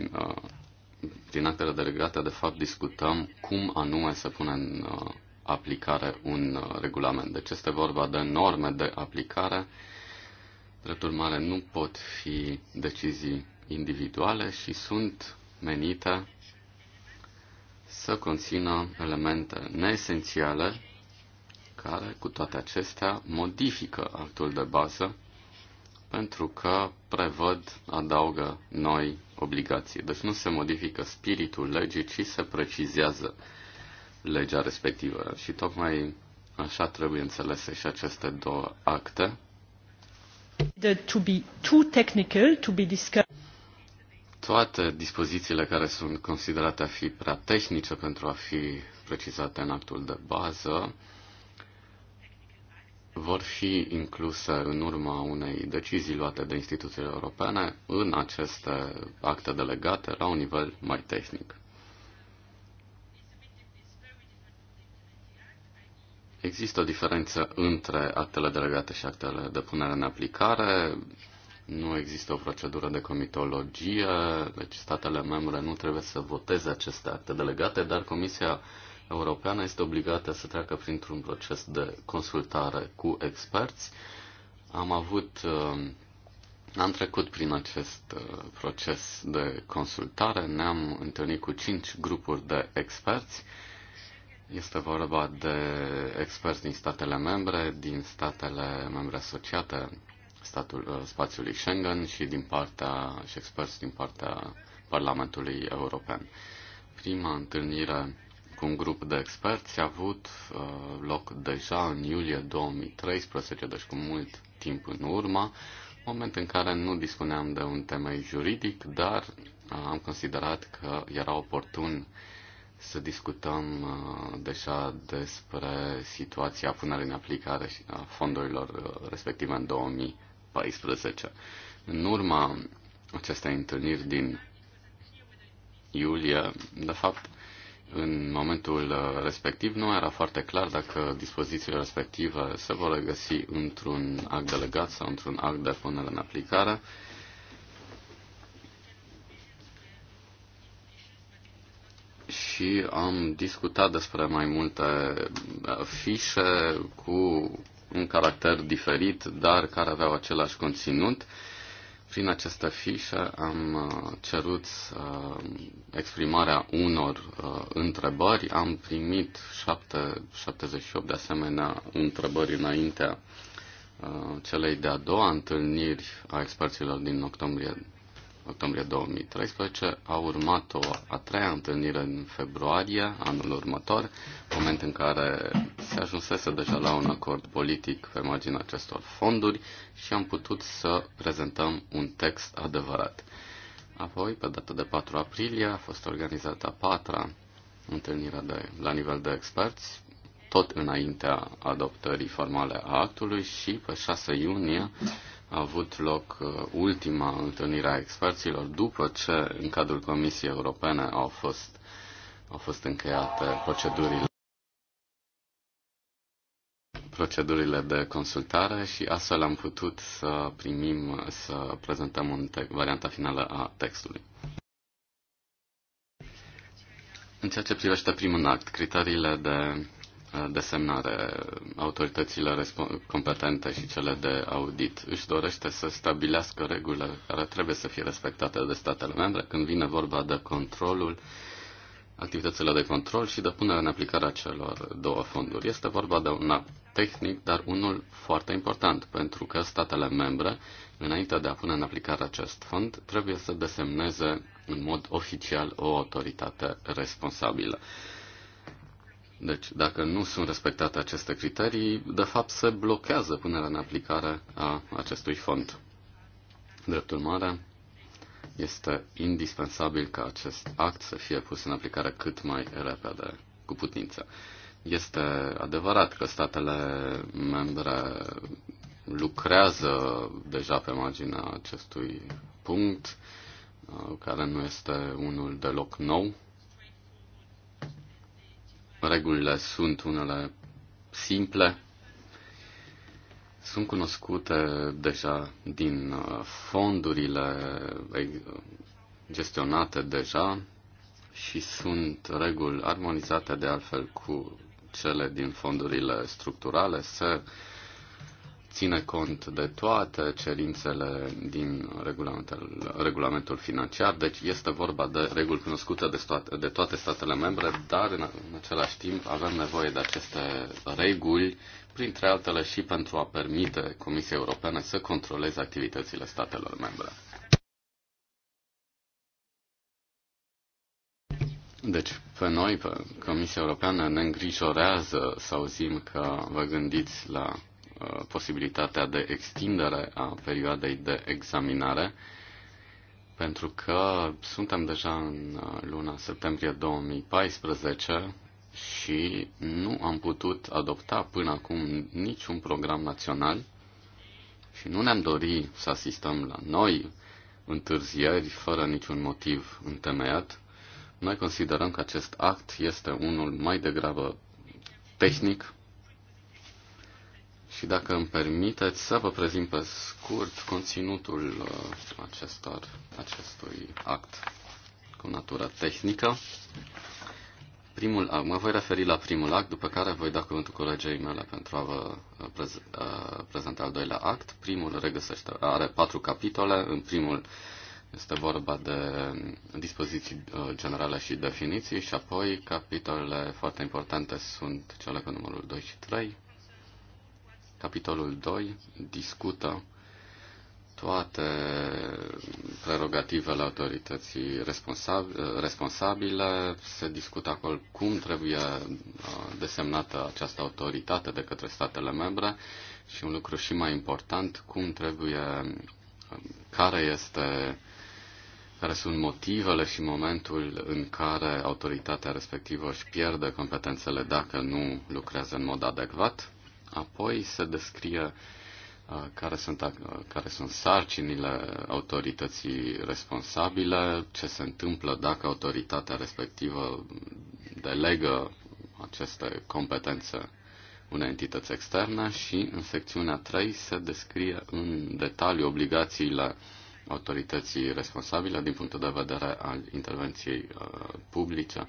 Prin, prin uh, actele delegate, de fapt, discutăm cum anume să pune în uh, aplicare un uh, regulament. Deci este vorba de norme de aplicare. Drept urmare, nu pot fi decizii individuale și sunt menite să conțină elemente neesențiale care, cu toate acestea, modifică actul de bază pentru că prevăd, adaugă noi obligații. Deci nu se modifică spiritul legii, ci se precizează legea respectivă. Și tocmai așa trebuie înțelese și aceste două acte. To be too technical to be discussed. Toate dispozițiile care sunt considerate a fi prea tehnice pentru a fi precizate în actul de bază, vor fi incluse în urma unei decizii luate de instituțiile europene în aceste acte delegate la un nivel mai tehnic. Există o diferență între actele delegate și actele de punere în aplicare. Nu există o procedură de comitologie, deci statele membre nu trebuie să voteze aceste acte delegate, dar Comisia Europeană este obligată să treacă printr-un proces de consultare cu experți. Am avut, uh, am trecut prin acest uh, proces de consultare, ne-am întâlnit cu cinci grupuri de experți. Este vorba de experți din statele membre, din statele membre asociate statul, uh, spațiului Schengen și din partea și experți din partea Parlamentului European. Prima întâlnire cu un grup de experți a avut uh, loc deja în iulie 2013, deci cu mult timp în urmă, moment în care nu dispuneam de un temei juridic, dar uh, am considerat că era oportun să discutăm uh, deja despre situația punerii în aplicare a fondurilor uh, respective în 2014. În urma acestei întâlniri din iulie, de fapt, în momentul uh, respectiv nu era foarte clar dacă dispozițiile respective se vor regăsi într-un act delegat sau într-un act de punere în aplicare. Și am discutat despre mai multe uh, fișe cu un caracter diferit, dar care aveau același conținut prin această fișă am uh, cerut uh, exprimarea unor uh, întrebări. Am primit 7, 78 de asemenea întrebări înaintea celei de-a doua întâlniri a experților din octombrie octombrie 2013, a urmat o a treia întâlnire în februarie anul următor, moment în care se ajunsese deja la un acord politic pe marginea acestor fonduri și am putut să prezentăm un text adevărat. Apoi, pe data de 4 aprilie, a fost organizată a patra întâlnire de, la nivel de experți, tot înaintea adoptării formale a actului și pe 6 iunie a avut loc uh, ultima întâlnire a experților după ce în cadrul Comisiei Europene au fost, au fost încheiate procedurile procedurile de consultare și astfel am putut să primim, să prezentăm un varianta finală a textului. În ceea ce privește primul act, criteriile de desemnare, autoritățile competente și cele de audit își dorește să stabilească regulile care trebuie să fie respectate de statele membre când vine vorba de controlul, activitățile de control și de punere în aplicare a celor două fonduri. Este vorba de un act tehnic, dar unul foarte important, pentru că statele membre, înainte de a pune în aplicare acest fond, trebuie să desemneze în mod oficial o autoritate responsabilă. Deci, dacă nu sunt respectate aceste criterii, de fapt se blochează punerea în aplicare a acestui fond. Drept urmare, este indispensabil ca acest act să fie pus în aplicare cât mai repede, cu putință. Este adevărat că statele membre lucrează deja pe marginea acestui punct, uh, care nu este unul deloc nou, Regulile sunt unele simple, sunt cunoscute deja din uh, fondurile gestionate deja și sunt reguli armonizate de altfel cu cele din fondurile structurale. Se ține cont de toate cerințele din regulamentul, regulamentul financiar, deci este vorba de reguli cunoscute de, toate, de toate statele membre, dar în, în același timp avem nevoie de aceste reguli, printre altele și pentru a permite Comisiei Europene să controleze activitățile statelor membre. Deci, pe noi, pe Comisia Europeană, ne îngrijorează să auzim că vă gândiți la Uh, posibilitatea de extindere a perioadei de examinare, pentru că suntem deja în uh, luna septembrie 2014 și nu am putut adopta până acum niciun program național și nu ne-am dorit să asistăm la noi întârzieri fără niciun motiv întemeiat. Noi considerăm că acest act este unul mai degrabă tehnic și dacă îmi permiteți să vă prezint pe scurt conținutul uh, acestor, acestui act cu natură tehnică. Primul act, uh, mă voi referi la primul act, după care voi da cuvântul colegei mele pentru a vă uh, prezenta al doilea act. Primul regăsește, are patru capitole. În primul este vorba de dispoziții generale și definiții și apoi capitolele foarte importante sunt cele cu numărul 2 și 3, Capitolul 2 discută toate prerogativele autorității responsabile, se discută acolo cum trebuie uh, desemnată această autoritate de către statele membre și un lucru și mai important, cum trebuie, um, care este care sunt motivele și momentul în care autoritatea respectivă își pierde competențele dacă nu lucrează în mod adecvat. Apoi se descrie uh, care sunt, uh, care sunt sarcinile autorității responsabile, ce se întâmplă dacă autoritatea respectivă delegă aceste competențe unei entități externe și în secțiunea 3 se descrie în detaliu obligațiile autorității responsabile din punctul de vedere al intervenției uh, publice,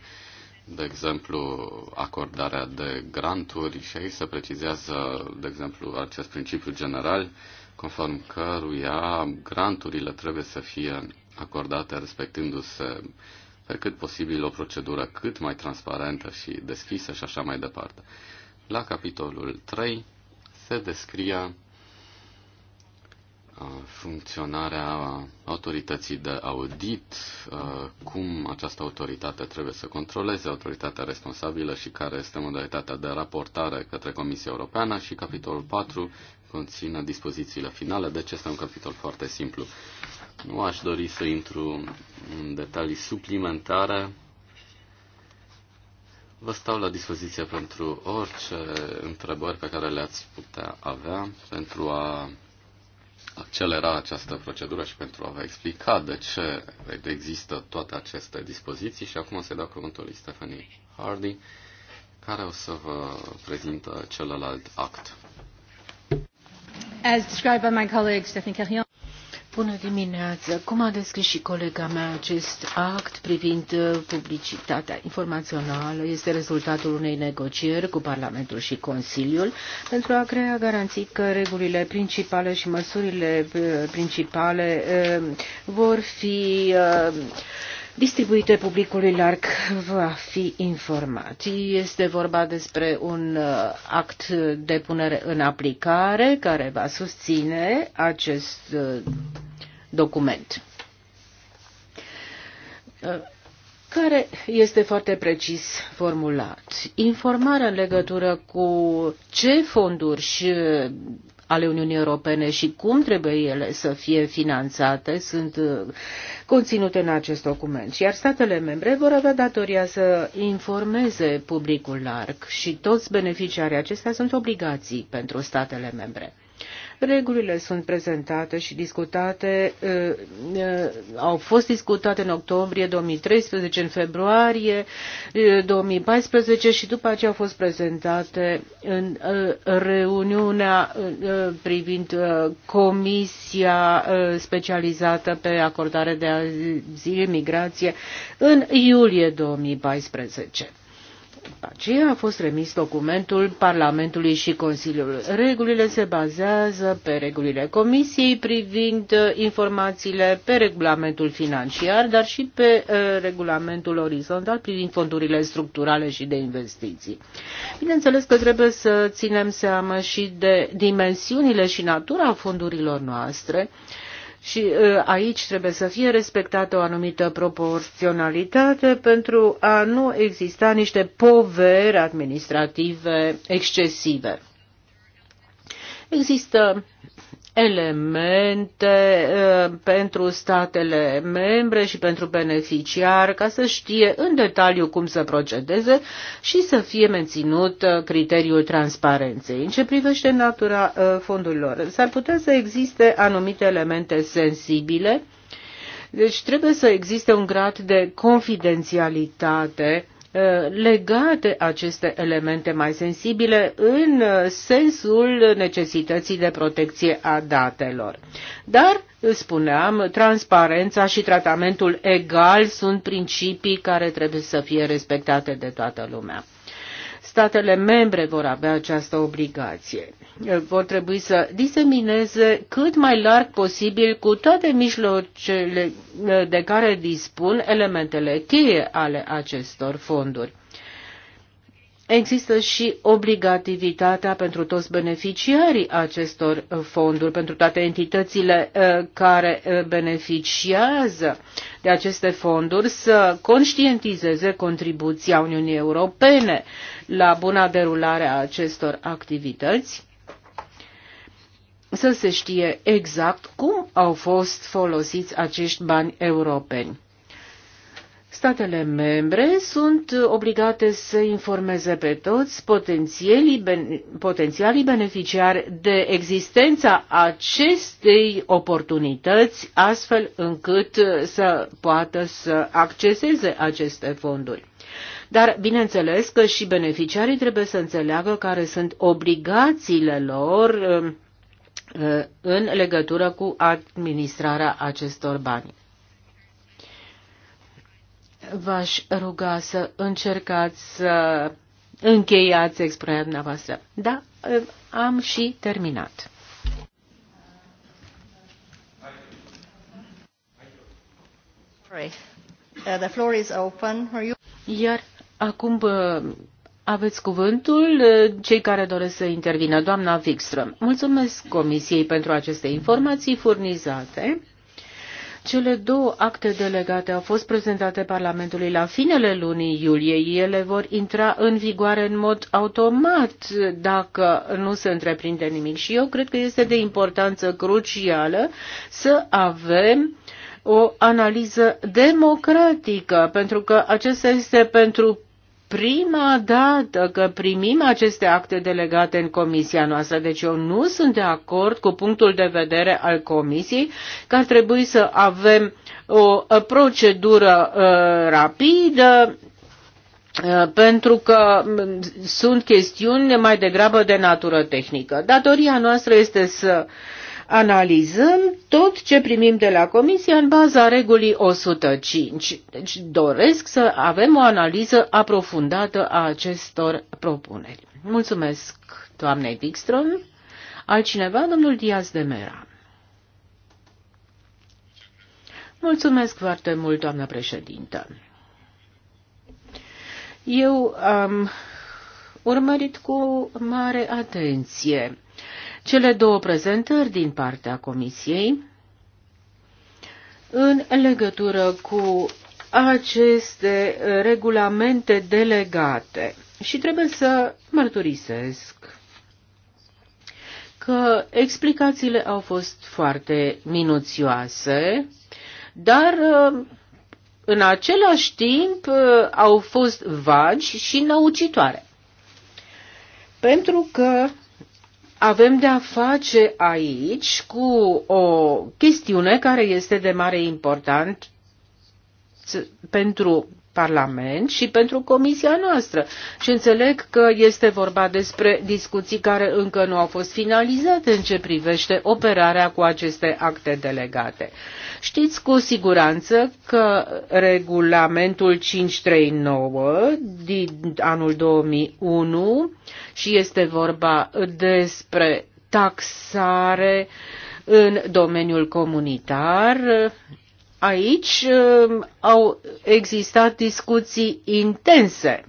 de exemplu, acordarea de granturi și aici se precizează, de exemplu, acest principiu general, conform căruia granturile trebuie să fie acordate respectându-se pe cât posibil o procedură cât mai transparentă și deschisă și așa mai departe. La capitolul 3 se descrie funcționarea autorității de audit, cum această autoritate trebuie să controleze autoritatea responsabilă și care este modalitatea de raportare către Comisia Europeană și capitolul 4 conține dispozițiile finale, deci este un capitol foarte simplu. Nu aș dori să intru în detalii suplimentare. Vă stau la dispoziție pentru orice întrebări pe care le-ați putea avea pentru a accelera această procedură și pentru a vă explica de ce există toate aceste dispoziții și acum se dau cuvântul lui Stephanie Hardy, care o să vă prezintă celălalt act. As described by my colleague Stephanie Carillon, Bună dimineață! Cum a descris și colega mea acest act privind uh, publicitatea informațională este rezultatul unei negocieri cu Parlamentul și Consiliul pentru a crea garanții că regulile principale și măsurile uh, principale uh, vor fi distribuite publicului larg va fi informat. Este vorba despre un uh, act de punere în aplicare care va susține acest uh, document uh, care este foarte precis formulat. Informarea în legătură cu ce fonduri și ale Uniunii Europene și cum trebuie ele să fie finanțate sunt uh, conținute în acest document. Iar statele membre vor avea datoria să informeze publicul larg și toți beneficiarii acestea sunt obligații pentru statele membre. Regulile sunt prezentate și discutate, uh, uh, au fost discutate în octombrie 2013, în februarie 2014 uh, și după aceea au fost prezentate în reuniunea privind Comisia specializată pe acordare de azil, migrație, în iulie 2014 aceea a fost remis documentul Parlamentului și Consiliului. Regulile se bazează pe regulile Comisiei privind uh, informațiile pe regulamentul financiar, dar și pe uh, regulamentul orizontal privind fondurile structurale și de investiții. Bineînțeles că trebuie să ținem seama și de dimensiunile și natura fondurilor noastre, și uh, aici trebuie să fie respectată o anumită proporționalitate pentru a nu exista niște poveri administrative excesive. Există elemente uh, pentru statele membre și pentru beneficiar ca să știe în detaliu cum să procedeze și să fie menținut uh, criteriul transparenței. În ce privește natura uh, fondurilor, s-ar putea să existe anumite elemente sensibile, deci trebuie să existe un grad de confidențialitate uh, Uh, legate aceste elemente mai sensibile în uh, sensul necesității de protecție a datelor. Dar, spuneam, transparența și tratamentul egal sunt principii care trebuie să fie respectate de toată lumea statele membre vor avea această obligație. Vor trebui să disemineze cât mai larg posibil cu toate mijlocele de care dispun elementele cheie ale acestor fonduri. Există și obligativitatea pentru toți beneficiarii acestor fonduri, pentru toate entitățile uh, care uh, beneficiază de aceste fonduri, să conștientizeze contribuția Uniunii Europene la buna derulare a acestor activități, să se știe exact cum au fost folosiți acești bani europeni. Statele membre sunt obligate să informeze pe toți potențialii, ben, potențialii beneficiari de existența acestei oportunități, astfel încât să poată să acceseze aceste fonduri. Dar, bineînțeles că și beneficiarii trebuie să înțeleagă care sunt obligațiile lor uh, uh, în legătură cu administrarea acestor bani v-aș ruga să încercați să încheiați expunerea dumneavoastră. Da, am și terminat. Uh, the floor is open. Iar acum uh, aveți cuvântul uh, cei care doresc să intervină. Doamna Wikström, mulțumesc Comisiei pentru aceste informații furnizate. Cele două acte delegate au fost prezentate Parlamentului la finele lunii iulie. Ele vor intra în vigoare în mod automat dacă nu se întreprinde nimic. Și eu cred că este de importanță crucială să avem o analiză democratică, pentru că acesta este pentru prima dată că primim aceste acte delegate în comisia noastră, deci eu nu sunt de acord cu punctul de vedere al comisiei că ar trebui să avem o procedură uh, rapidă, uh, pentru că mm, sunt chestiuni mai degrabă de natură tehnică. Datoria noastră este să uh, analizăm tot ce primim de la Comisie în baza regulii 105. Deci doresc să avem o analiză aprofundată a acestor propuneri. Mulțumesc, doamnei Wikström. Altcineva, domnul Diaz de Mera. Mulțumesc foarte mult, doamnă președintă. Eu am urmărit cu mare atenție cele două prezentări din partea Comisiei în legătură cu aceste regulamente delegate. Și trebuie să mărturisesc că explicațiile au fost foarte minuțioase, dar în același timp au fost vagi și năucitoare. Pentru că avem de a face aici cu o chestiune care este de mare importanță pentru Parlament și pentru comisia noastră. Și înțeleg că este vorba despre discuții care încă nu au fost finalizate în ce privește operarea cu aceste acte delegate. Știți cu siguranță că regulamentul 539 din anul 2001 și este vorba despre taxare în domeniul comunitar aici um, au existat discuții intense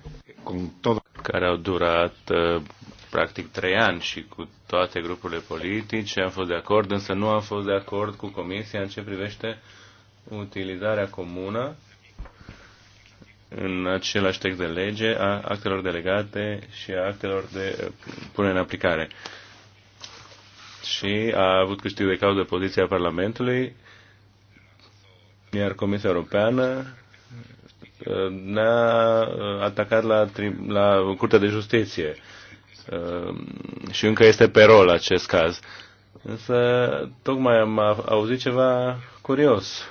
care au durat uh, practic trei ani și cu toate grupurile politice am fost de acord, însă nu am fost de acord cu Comisia în ce privește utilizarea comună în același text de lege a actelor delegate și a actelor de uh, punere în aplicare. Și a avut câștig de cauză poziția Parlamentului iar Comisia Europeană uh, ne-a uh, atacat la, la Curtea de Justiție uh, și încă este pe rol acest caz. Însă, tocmai am auzit ceva curios.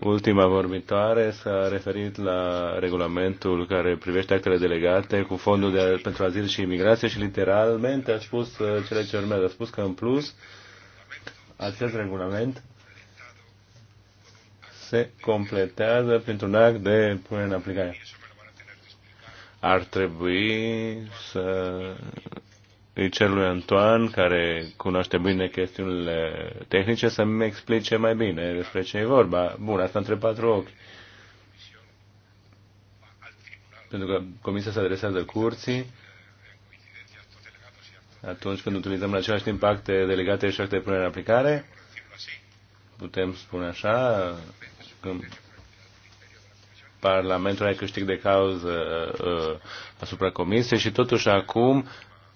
Ultima vorbitoare s-a referit la regulamentul care privește actele delegate cu fondul de, pentru azil și imigrație și literalmente a spus cele ce urmează. A spus că, în plus, acest regulament se completează printr-un act de punere în aplicare. Ar trebui să îi cer lui Antoan, care cunoaște bine chestiunile tehnice, să-mi explice mai bine despre ce e vorba. Bun, asta între patru ochi. Pentru că comisia se adresează curții atunci când utilizăm în același timp acte delegate și acte de punere în aplicare, putem spune așa, Parlamentul are câștig de cauză uh, uh, asupra Comisiei și totuși acum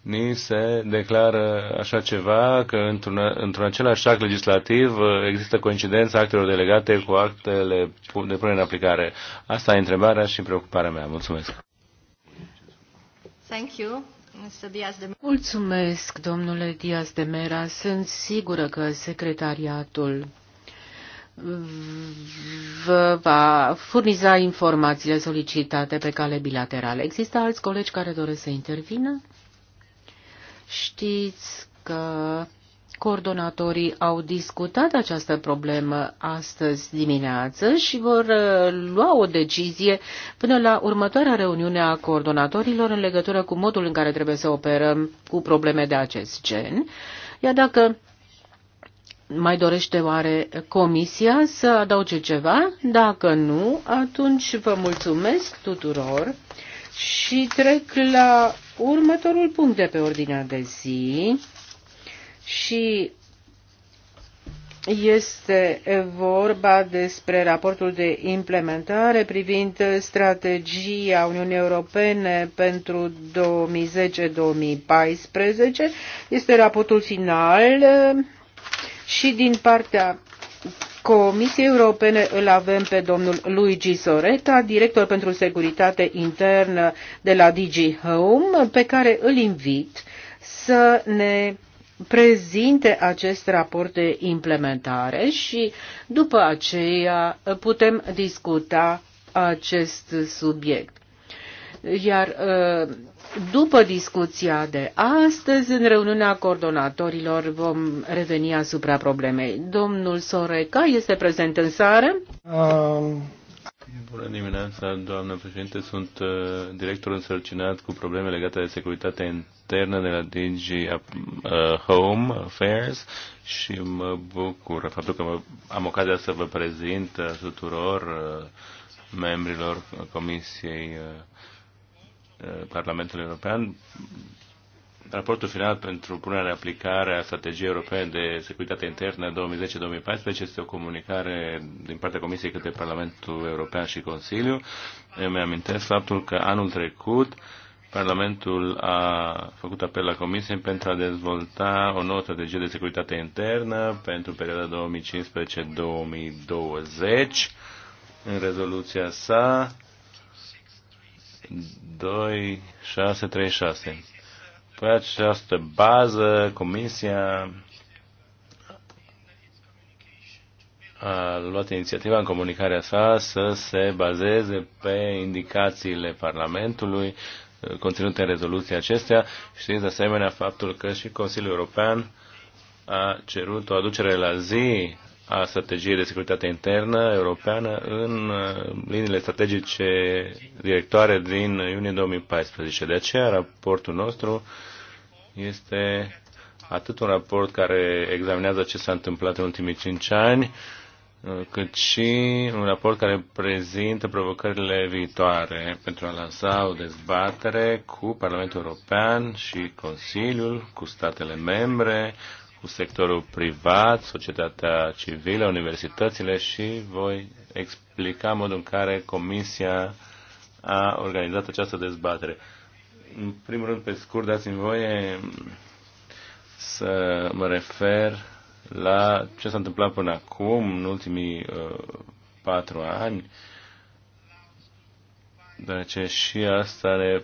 ni se declară așa ceva că într-un, într același act legislativ uh, există coincidența actelor delegate cu actele de punere în aplicare. Asta e întrebarea și preocuparea mea. Mulțumesc. Thank you. Mulțumesc, domnule Diaz de Mera. Sunt sigură că secretariatul vă va furniza informațiile solicitate pe cale bilaterală. Există alți colegi care doresc să intervină? Știți că coordonatorii au discutat această problemă astăzi dimineață și vor uh, lua o decizie până la următoarea reuniune a coordonatorilor în legătură cu modul în care trebuie să operăm cu probleme de acest gen. Iar dacă mai dorește oare comisia să adauge ceva? Dacă nu, atunci vă mulțumesc tuturor și trec la următorul punct de pe ordinea de zi și este vorba despre raportul de implementare privind strategia Uniunii Europene pentru 2010-2014. Este raportul final și din partea Comisiei Europene îl avem pe domnul Luigi Soreta, director pentru securitate internă de la DG Home, pe care îl invit să ne prezinte acest raport de implementare și după aceea putem discuta acest subiect. Iar uh, după discuția de astăzi, în reuniunea coordonatorilor, vom reveni asupra problemei. Domnul Soreca este prezent în sară. Um... Bună dimineața, doamnă președinte. Sunt uh, director însărcinat cu probleme legate de securitatea internă de la DG uh, Home Affairs și mă bucur faptul că am ocazia să vă prezint tuturor membrilor Comisiei Uh, Parlamentului European raportul final pentru punerea în aplicare a strategiei europene de securitate internă 2010-2014 este o comunicare din partea Comisiei către Parlamentul European și Consiliu. mi amintesc faptul că anul trecut Parlamentul a făcut apel la Comisie pentru a dezvolta o nouă strategie de securitate internă pentru perioada 2015-2020. În rezoluția sa, 2636. Pe păi această bază, Comisia a luat inițiativa în comunicarea sa să se bazeze pe indicațiile Parlamentului conținute în rezoluția acestea. Știți de asemenea faptul că și Consiliul European a cerut o aducere la zi a strategiei de securitate internă europeană în uh, liniile strategice directoare din iunie 2014. De aceea, raportul nostru este atât un raport care examinează ce s-a întâmplat în ultimii cinci ani, uh, cât și un raport care prezintă provocările viitoare pentru a lansa o dezbatere cu Parlamentul European și Consiliul, cu statele membre, cu sectorul privat, societatea civilă, universitățile și voi explica modul în care Comisia a organizat această dezbatere. În primul rând, pe scurt, dați-mi voie să mă refer la ce s-a întâmplat până acum, în ultimii uh, patru ani, deoarece și asta ne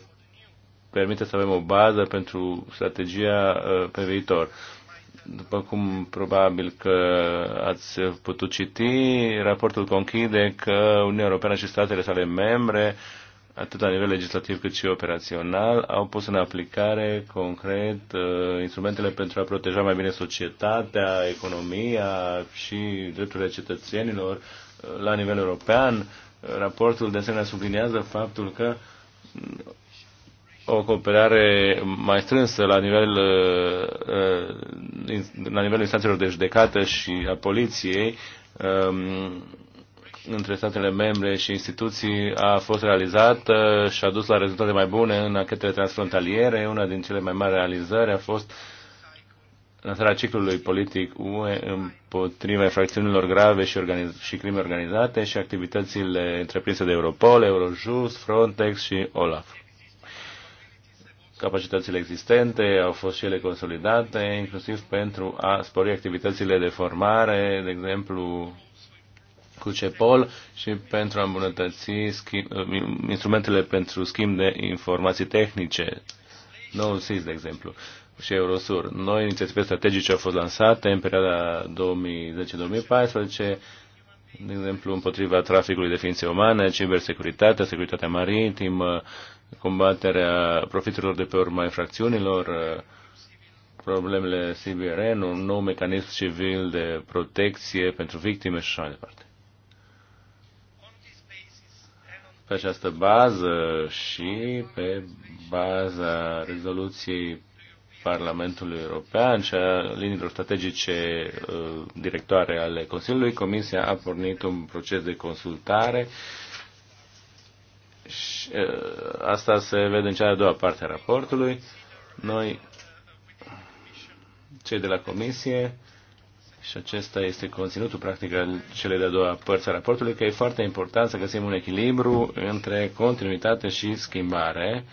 permite să avem o bază pentru strategia uh, pe viitor. După cum probabil că ați putut citi, raportul conchide că Uniunea Europeană și statele sale membre, atât la nivel legislativ cât și operațional, au pus în aplicare concret uh, instrumentele pentru a proteja mai bine societatea, economia și drepturile cetățenilor uh, la nivel european. Raportul de asemenea subliniază faptul că o cooperare mai strânsă la nivel, uh, uh, la nivelul instanțelor de judecată și a poliției um, între statele membre și instituții a fost realizată și a dus la rezultate mai bune în anchetele transfrontaliere. Una din cele mai mari realizări a fost lansarea ciclului politic UE împotriva infracțiunilor grave și, organiz- și crime organizate și activitățile întreprinse de Europol, Eurojust, Frontex și OLAF. Capacitățile existente au fost și ele consolidate, inclusiv pentru a spori activitățile de formare, de exemplu cu CEPOL și pentru a îmbunătăți schimb, uh, instrumentele pentru schimb de informații tehnice, noul SIS, de exemplu, și Eurosur. Noi inițiative strategice au fost lansate în perioada 2010-2014, de exemplu, împotriva traficului de ființe umane, cibersecuritate, securitatea maritimă, combaterea profiturilor de pe urma infracțiunilor, uh, problemele CBRN, un nou mecanism civil de protecție pentru victime și așa mai departe. Pe această bază și pe baza rezoluției Parlamentului European și a liniilor strategice uh, directoare ale Consiliului, Comisia a pornit un proces de consultare uh, și asta se vede în cea de-a doua parte a raportului. Noi, cei de la comisie, și acesta este conținutul practic al cele de-a doua părți a raportului, că e foarte important să găsim un echilibru între continuitate și schimbare.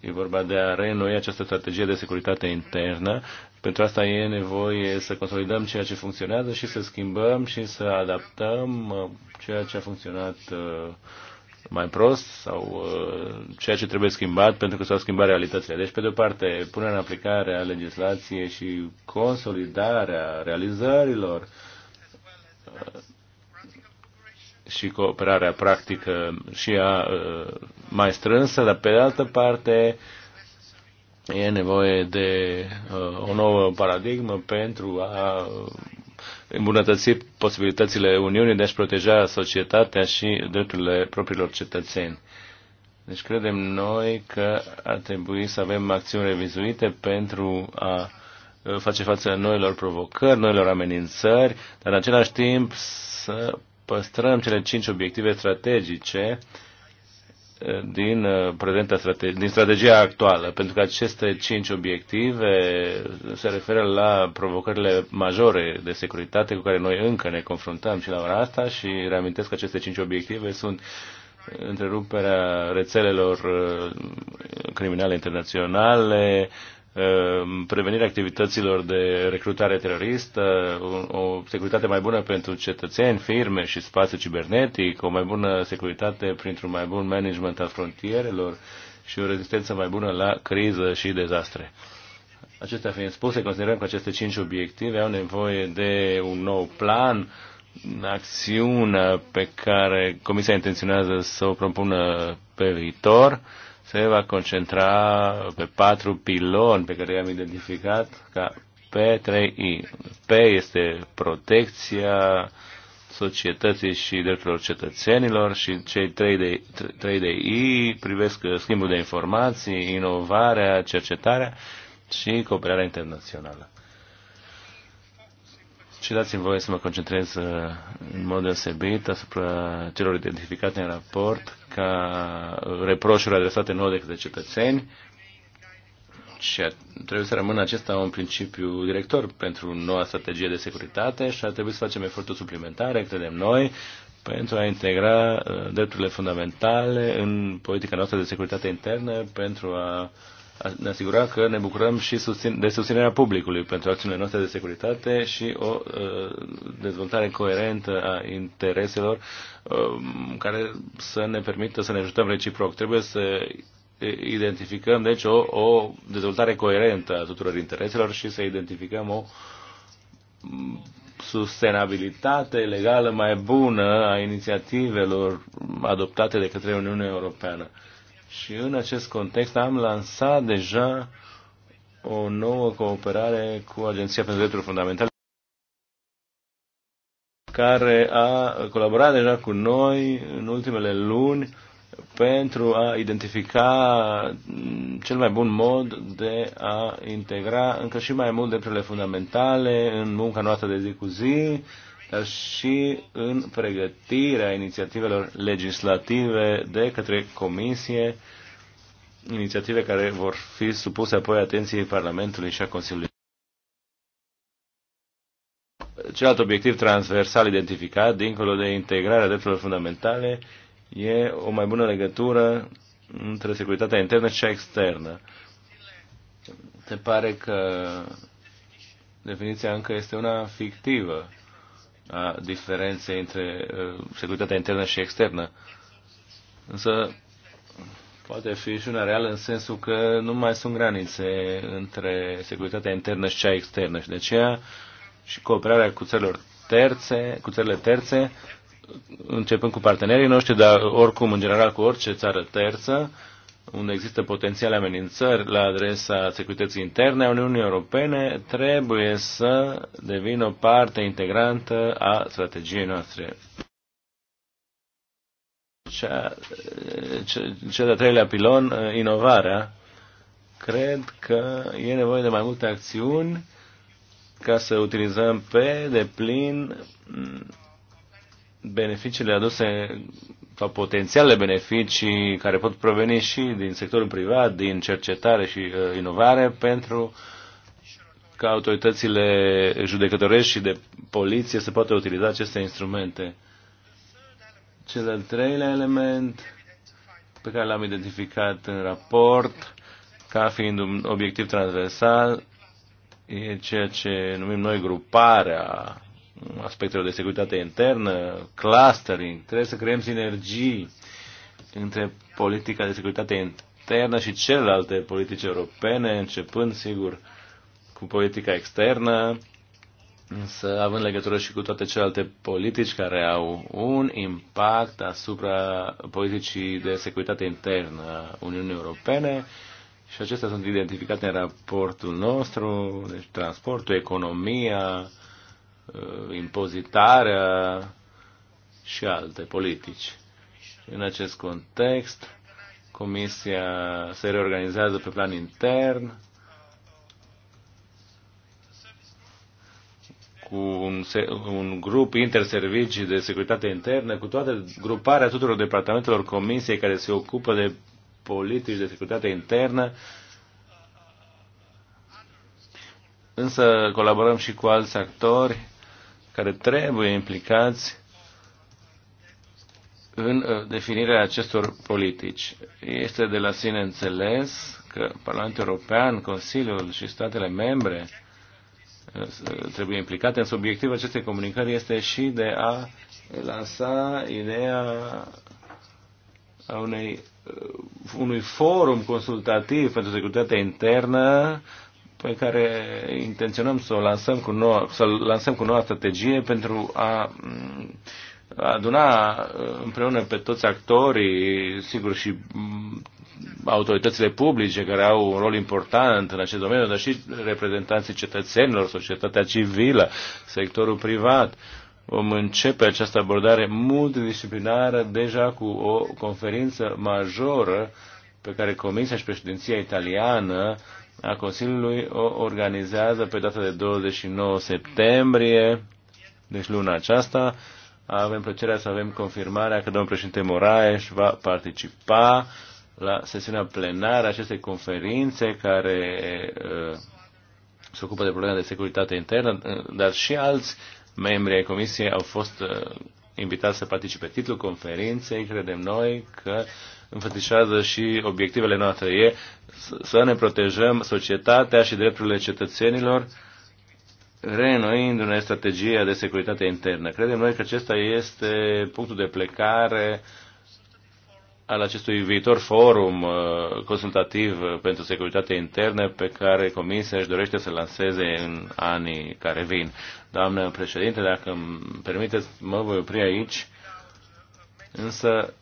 E vorba de a reînnoi această strategie de securitate internă. Pentru asta e nevoie să consolidăm ceea ce funcționează și să schimbăm și să adaptăm uh, ceea ce a funcționat uh, mai prost sau uh, ceea ce trebuie schimbat pentru că s-au schimbat realitățile. Deci, pe de o parte, punerea în aplicare a legislației și consolidarea realizărilor uh, și cooperarea practică și a uh, mai strânsă, dar pe de altă parte e nevoie de o nouă paradigmă pentru a îmbunătăți posibilitățile Uniunii de a-și proteja societatea și drepturile propriilor cetățeni. Deci credem noi că ar trebui să avem acțiuni revizuite pentru a uh, face față noilor provocări, noilor amenințări, dar în același timp să păstrăm cele cinci obiective strategice din, uh, prezenta din strategia actuală, pentru că aceste cinci obiective se referă la provocările majore de securitate cu care noi încă ne confruntăm și la ora asta și reamintesc că aceste cinci obiective sunt întreruperea rețelelor uh, criminale internaționale, Ehm, prevenirea activităților de recrutare teroristă, o securitate mai bună pentru cetățeni, firme și spațiu cibernetic, o mai bună securitate printr-un mai bun management al frontierelor și o rezistență mai bună la criză și dezastre. Acestea fiind spuse, considerăm că aceste cinci obiective au nevoie de un nou plan, acțiunea pe care Comisia intenționează să o propună pe viitor, se va concentra pe patru piloni pe care i-am identificat ca P3I. P este protecția societății și drepturilor cetățenilor și cei 3 de, 3 de I privesc schimbul de informații, inovarea, cercetarea și cooperarea internațională. Și dați-mi voie să mă concentrez uh, în mod deosebit asupra celor identificate în raport ca reproșuri adresate nouă de către cetățeni și trebuie să rămână acesta un principiu director pentru noua strategie de securitate și ar trebui să facem eforturi suplimentare, credem noi, pentru a integra uh, drepturile fundamentale în politica noastră de securitate internă, pentru a ne asigura că ne bucurăm și susțin, de susținerea publicului pentru acțiunile noastre de securitate și o uh, dezvoltare coerentă a intereselor um, care să ne permită să ne ajutăm reciproc. Trebuie să identificăm, deci, o, o dezvoltare coerentă a tuturor intereselor și să identificăm o sustenabilitate legală mai bună a inițiativelor adoptate de către Uniunea Europeană. Și în acest context am lansat deja o nouă cooperare cu Agenția pentru Drepturi Fundamentale care a colaborat deja cu noi în ultimele luni pentru a identifica cel mai bun mod de a integra încă și mai mult drepturile fundamentale în munca noastră de zi cu zi dar și în pregătirea inițiativelor legislative de către Comisie, inițiative care vor fi supuse apoi atenției Parlamentului și a Consiliului. Celălalt obiectiv transversal identificat, dincolo de integrarea drepturilor fundamentale, e o mai bună legătură între securitatea internă și externă. Se pare că definiția încă este una fictivă a diferenței între uh, securitatea internă și externă. Însă poate fi și una reală în sensul că nu mai sunt granițe între securitatea internă și cea externă și de aceea și cooperarea cu țărilor terțe, cu țările terțe, începând cu partenerii noștri, dar oricum, în general, cu orice țară terță, uh, unde există potențiale amenințări la adresa securității interne a Uniunii Europene, trebuie să devină o parte integrantă a strategiei noastre. Cea, ce, cel de-al treilea pilon, inovarea, cred că e nevoie de mai multe acțiuni ca să utilizăm pe deplin beneficiile aduse sau potențialele beneficii care pot proveni și din sectorul privat, din cercetare și uh, inovare pentru ca autoritățile judecătorești și de poliție să poată utiliza aceste instrumente. Cel al treilea element pe care l-am identificat în raport ca fiind un obiectiv transversal e ceea ce numim noi gruparea aspectele de securitate internă, clustering, trebuie să creăm sinergii între politica de securitate internă și celelalte politici europene, începând, sigur, cu politica externă, însă având legătură și cu toate celelalte politici care au un impact asupra politicii de securitate internă a Uniunii Europene și acestea sunt identificate în raportul nostru, deci transportul, economia, Uh, impozitarea și alte politici. În acest context, Comisia se reorganizează pe plan intern cu un, un grup interservicii de securitate internă, cu toată gruparea tuturor departamentelor Comisiei care se ocupă de politici de securitate internă, însă colaborăm și cu alți actori care trebuie implicați în uh, definirea acestor politici. Este de la sine înțeles că Parlamentul European, Consiliul și statele membre uh, trebuie implicate, însă obiectivul acestei comunicări este și de a lansa ideea a unei, uh, unui forum consultativ pentru securitatea internă pe care intenționăm să o lansăm cu noua, să lansăm cu noua strategie pentru a mm, aduna uh, împreună pe toți actorii, sigur și mm, autoritățile publice care au un rol important în acest domeniu, dar și reprezentanții cetățenilor, societatea civilă, sectorul privat. Vom începe această abordare multidisciplinară deja cu o conferință majoră pe care Comisia și președinția italiană a Consiliului o organizează pe data de 29 septembrie, deci luna aceasta. Avem plăcerea să avem confirmarea că domnul președinte Moraes va participa la sesiunea plenară acestei conferințe care uh, se ocupă de probleme de securitate internă, uh, dar și alți membri ai comisiei au fost uh, invitați să participe. Titlul conferinței, credem noi, că înfățișează și obiectivele noastre. E să ne protejăm societatea și drepturile cetățenilor, reînnoindu-ne strategia de securitate internă. Credem noi că acesta este punctul de plecare al acestui viitor forum uh, consultativ uh, pentru securitate internă pe care Comisia își dorește să lanseze în anii care vin. Doamnă președinte, dacă îmi permiteți, mă voi opri aici, însă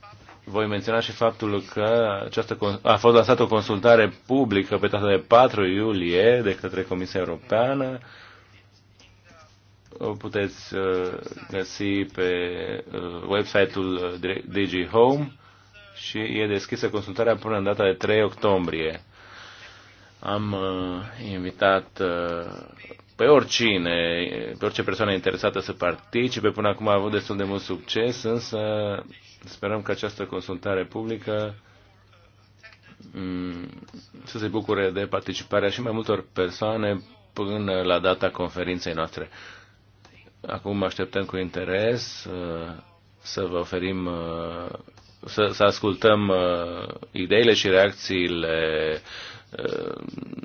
voi menționa și faptul că această, a fost lansată o consultare publică pe data de 4 iulie de către Comisia Europeană. O puteți uh, găsi pe uh, website-ul uh, DG Home și e deschisă consultarea până în data de 3 octombrie. Am invitat pe oricine, pe orice persoană interesată să participe. Până acum a avut destul de mult succes, însă sperăm că această consultare publică mm, să se bucure de participarea și mai multor persoane până la data conferinței noastre. Acum așteptăm cu interes uh, să vă oferim uh, să, să ascultăm uh, ideile și reacțiile uh,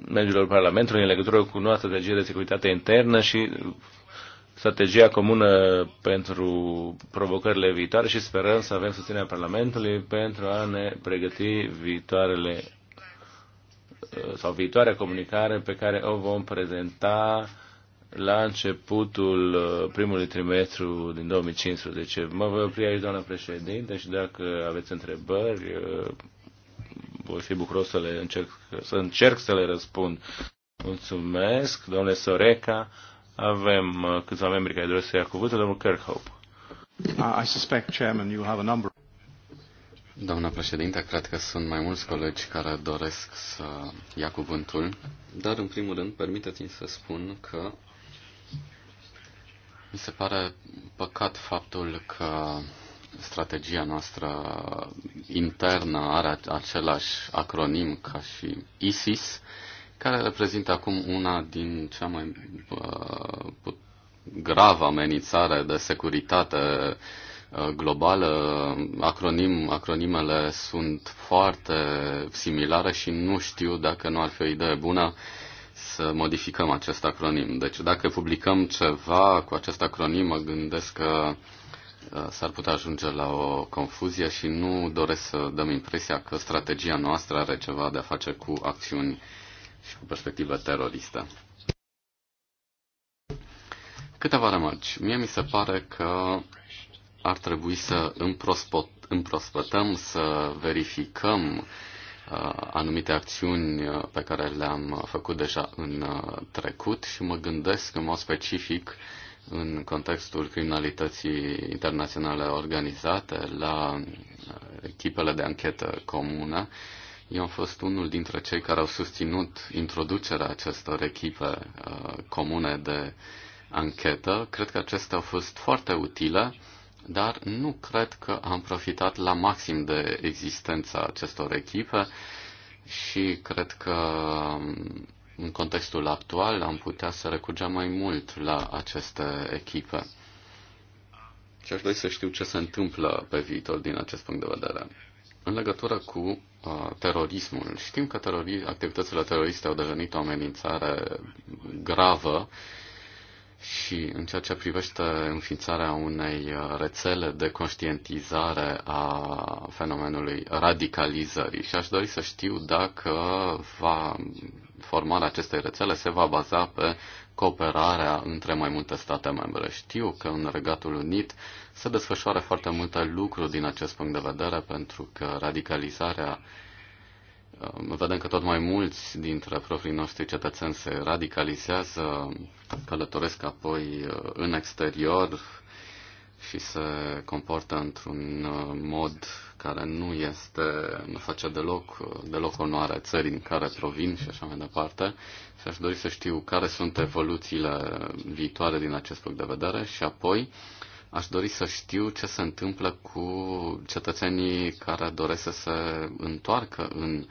membrilor Parlamentului în legătură cu noua strategie de securitate internă și strategia comună pentru provocările viitoare și sperăm să avem susținerea Parlamentului pentru a ne pregăti viitoarele uh, sau viitoarea comunicare pe care o vom prezenta la începutul uh, primului trimestru din 2015. Mă voi opri aici, doamna președinte, și dacă aveți întrebări, uh, voi fi bucuros să, le încerc, să încerc să le răspund. Mulțumesc, domnule Soreca. Avem uh, câțiva membri care doresc să ia cuvântul, domnul Kirkhope. I suspect, Chairman, you have a number. Doamna președinte, cred că sunt mai mulți colegi care doresc să ia cuvântul, dar în primul rând permiteți-mi să spun că mi se pare păcat faptul că strategia noastră internă are același acronim ca și ISIS, care reprezintă acum una din cea mai uh, gravă amenințare de securitate uh, globală. Acronim, acronimele sunt foarte similare și nu știu dacă nu ar fi o idee bună uh, să modificăm acest acronim. Deci dacă publicăm ceva cu acest acronim, mă gândesc că uh, s-ar putea ajunge la o confuzie și nu doresc să dăm impresia că strategia noastră are ceva de a face cu acțiuni și cu perspectivă teroristă. Câteva remarci. Mie mi se pare că ar trebui să împrospătăm, să verificăm anumite acțiuni pe care le-am făcut deja în trecut și mă gândesc în mod specific în contextul criminalității internaționale organizate la echipele de anchetă comună. Eu am fost unul dintre cei care au susținut introducerea acestor echipe comune de anchetă. Cred că acestea au fost foarte utile dar nu cred că am profitat la maxim de existența acestor echipe și cred că mm, în contextul actual am putea să recurgem mai mult la aceste echipe. Și aș dori să știu ce se întâmplă pe viitor din acest punct de vedere. În legătură cu uh, terorismul, știm că terori- activitățile teroriste au devenit o amenințare gravă uh, și în ceea ce privește înființarea unei uh, rețele de conștientizare a fenomenului radicalizării, și aș dori să știu dacă va, formarea acestei rețele se va baza pe cooperarea între mai multe state membre. Știu că în Regatul Unit se desfășoară foarte multe lucruri din acest punct de vedere, pentru că radicalizarea vedem că tot mai mulți dintre proprii noștri cetățeni se radicalizează, călătoresc apoi uh, în exterior și se comportă într-un uh, mod care nu este, nu face deloc, uh, deloc onoare țării din care provin și așa mai departe. Și aș dori să știu care sunt evoluțiile viitoare din acest punct de vedere și apoi uh, Aș dori să știu ce se întâmplă cu cetățenii care doresc să se întoarcă în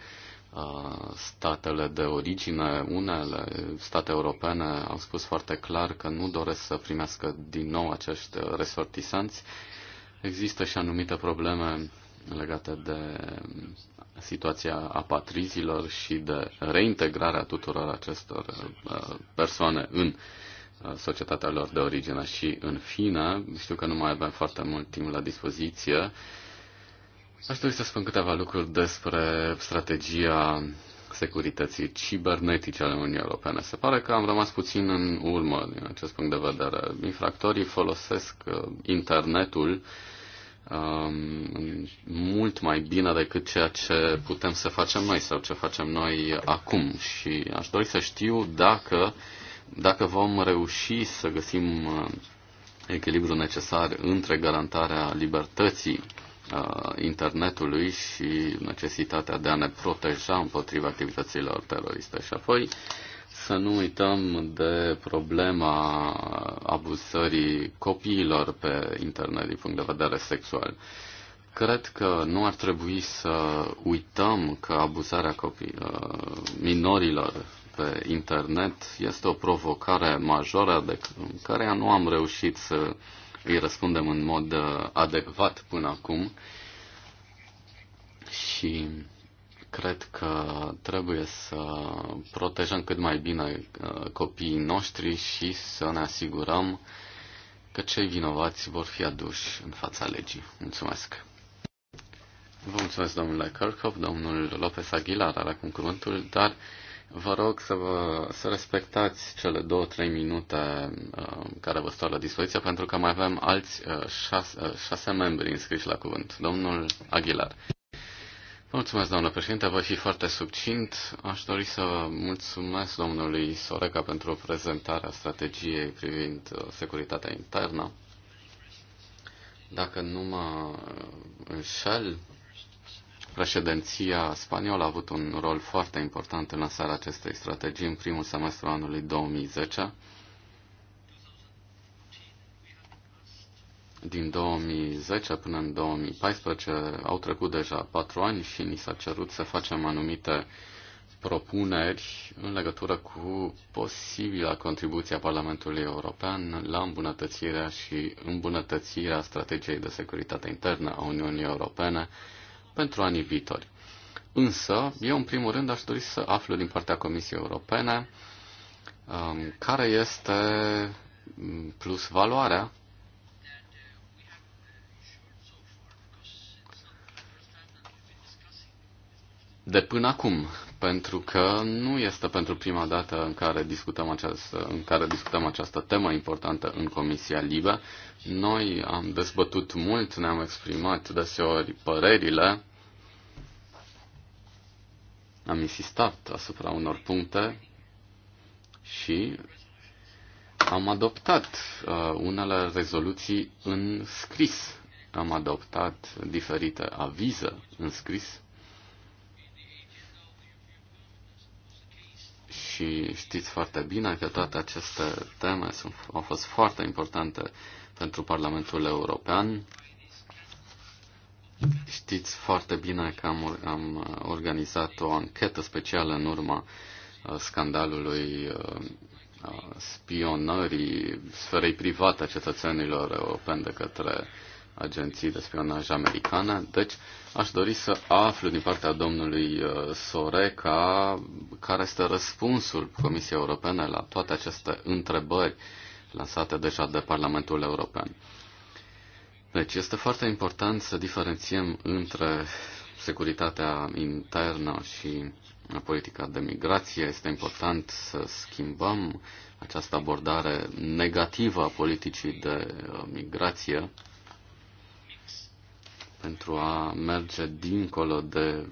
uh, statele de origine. Unele state europene au spus foarte clar că nu doresc să primească din nou acești resortisanți. Există și anumite probleme legate de situația apatrizilor și de reintegrarea tuturor acestor uh, persoane în uh, societatea lor de origine. Și, în fine, știu că nu mai avem foarte mult timp la dispoziție, aș dori să spun câteva lucruri despre strategia securității cibernetice ale Uniunii Europene. Se pare că am rămas puțin în urmă din acest punct de vedere. Infractorii folosesc uh, internetul um, mult mai bine decât ceea ce putem să facem noi sau ce facem noi acum. Și aș dori să știu dacă uh, dacă vom reuși să găsim uh, echilibru necesar între garantarea libertății uh, internetului și necesitatea de a ne proteja împotriva activităților teroriste. Și apoi să nu uităm de problema abuzării copiilor pe internet din punct de vedere sexual. Cred că nu ar trebui să uităm că abuzarea copii, uh, minorilor pe internet este o provocare majoră de care nu am reușit să îi răspundem în mod uh, adecvat până acum și cred că trebuie să protejăm cât mai bine uh, copiii noștri și să ne asigurăm că cei vinovați vor fi aduși în fața legii. Mulțumesc! Vă mulțumesc, domnule Kirchhoff, domnul Lopez Aguilar are acum cuvântul, dar Vă rog să, vă, să respectați cele două, trei minute uh, care vă stau la dispoziție, pentru că mai avem alți uh, șase, uh, șase membri înscriși la cuvânt. Domnul Aguilar. mulțumesc, domnule președinte, voi fi foarte succint. Aș dori să mulțumesc domnului Soreca pentru prezentarea strategiei privind securitatea internă. Dacă nu mă înșel, Președinția spaniolă a avut un rol foarte important în lansarea acestei strategii în primul semestru anului 2010. Din 2010 până în 2014 au trecut deja patru ani și ni s-a cerut să facem anumite propuneri în legătură cu posibila contribuție a Parlamentului European la îmbunătățirea și îmbunătățirea strategiei de securitate internă a Uniunii Europene pentru anii viitori. Însă, eu în primul rând aș dori să aflu din partea Comisiei Europene um, care este um, plus valoarea de până acum, pentru că nu este pentru prima dată în care discutăm această, în care discutăm această temă importantă în Comisia Libă. Noi am dezbătut mult, ne-am exprimat deseori părerile am insistat asupra unor puncte și am adoptat uh, unele rezoluții în scris. Am adoptat diferite avize în scris. Și știți foarte bine că toate aceste teme sunt, au fost foarte importante pentru Parlamentul European Știți foarte bine că am, am uh, organizat o anchetă specială în urma uh, scandalului uh, spionării sferei private a cetățenilor europeni de către agenții de spionaj americane. Deci aș dori să aflu din partea domnului Soreca care este răspunsul Comisiei Europene la toate aceste întrebări lansate deja de Parlamentul European. Deci este foarte important să diferențiem între securitatea internă și uh, politica de migrație. Este important să schimbăm această abordare negativă a politicii de uh, migrație pentru a merge dincolo de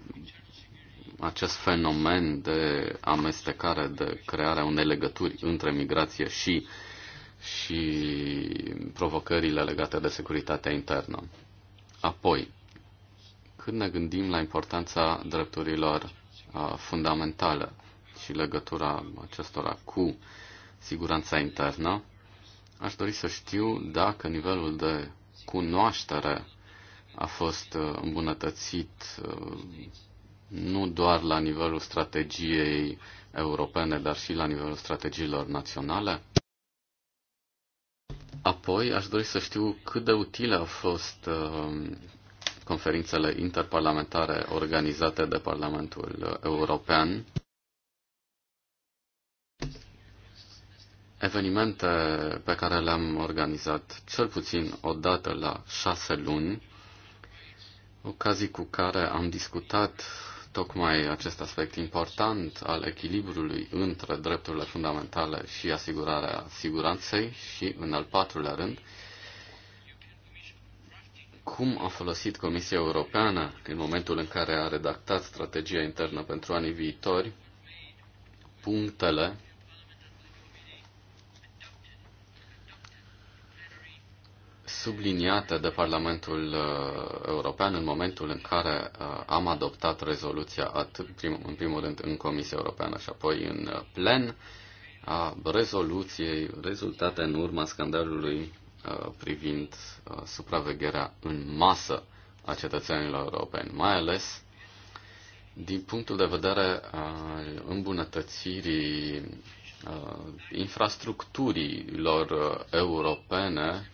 acest fenomen de amestecare, de crearea unei legături între migrație și și provocările legate de securitatea internă. Apoi, când ne gândim la importanța drepturilor fundamentale și legătura acestora cu siguranța internă, aș dori să știu dacă nivelul de cunoaștere a fost îmbunătățit nu doar la nivelul strategiei europene, dar și la nivelul strategiilor naționale. Apoi, aș dori să știu cât de utile au fost um, conferințele interparlamentare organizate de Parlamentul European. Evenimente pe care le-am organizat cel puțin o dată la șase luni, ocazii cu care am discutat tocmai acest aspect important al echilibrului între drepturile fundamentale și asigurarea siguranței și, în al patrulea rând, cum a folosit Comisia Europeană în momentul în care a redactat strategia internă pentru anii viitori punctele subliniate de Parlamentul uh, European în momentul în care uh, am adoptat rezoluția atât prim, în primul rând în Comisia Europeană și apoi în uh, plen a rezoluției rezultate în urma scandalului privind supravegherea în masă a cetățenilor europeni, mai ales din punctul de vedere al îmbunătățirii infrastructurilor europene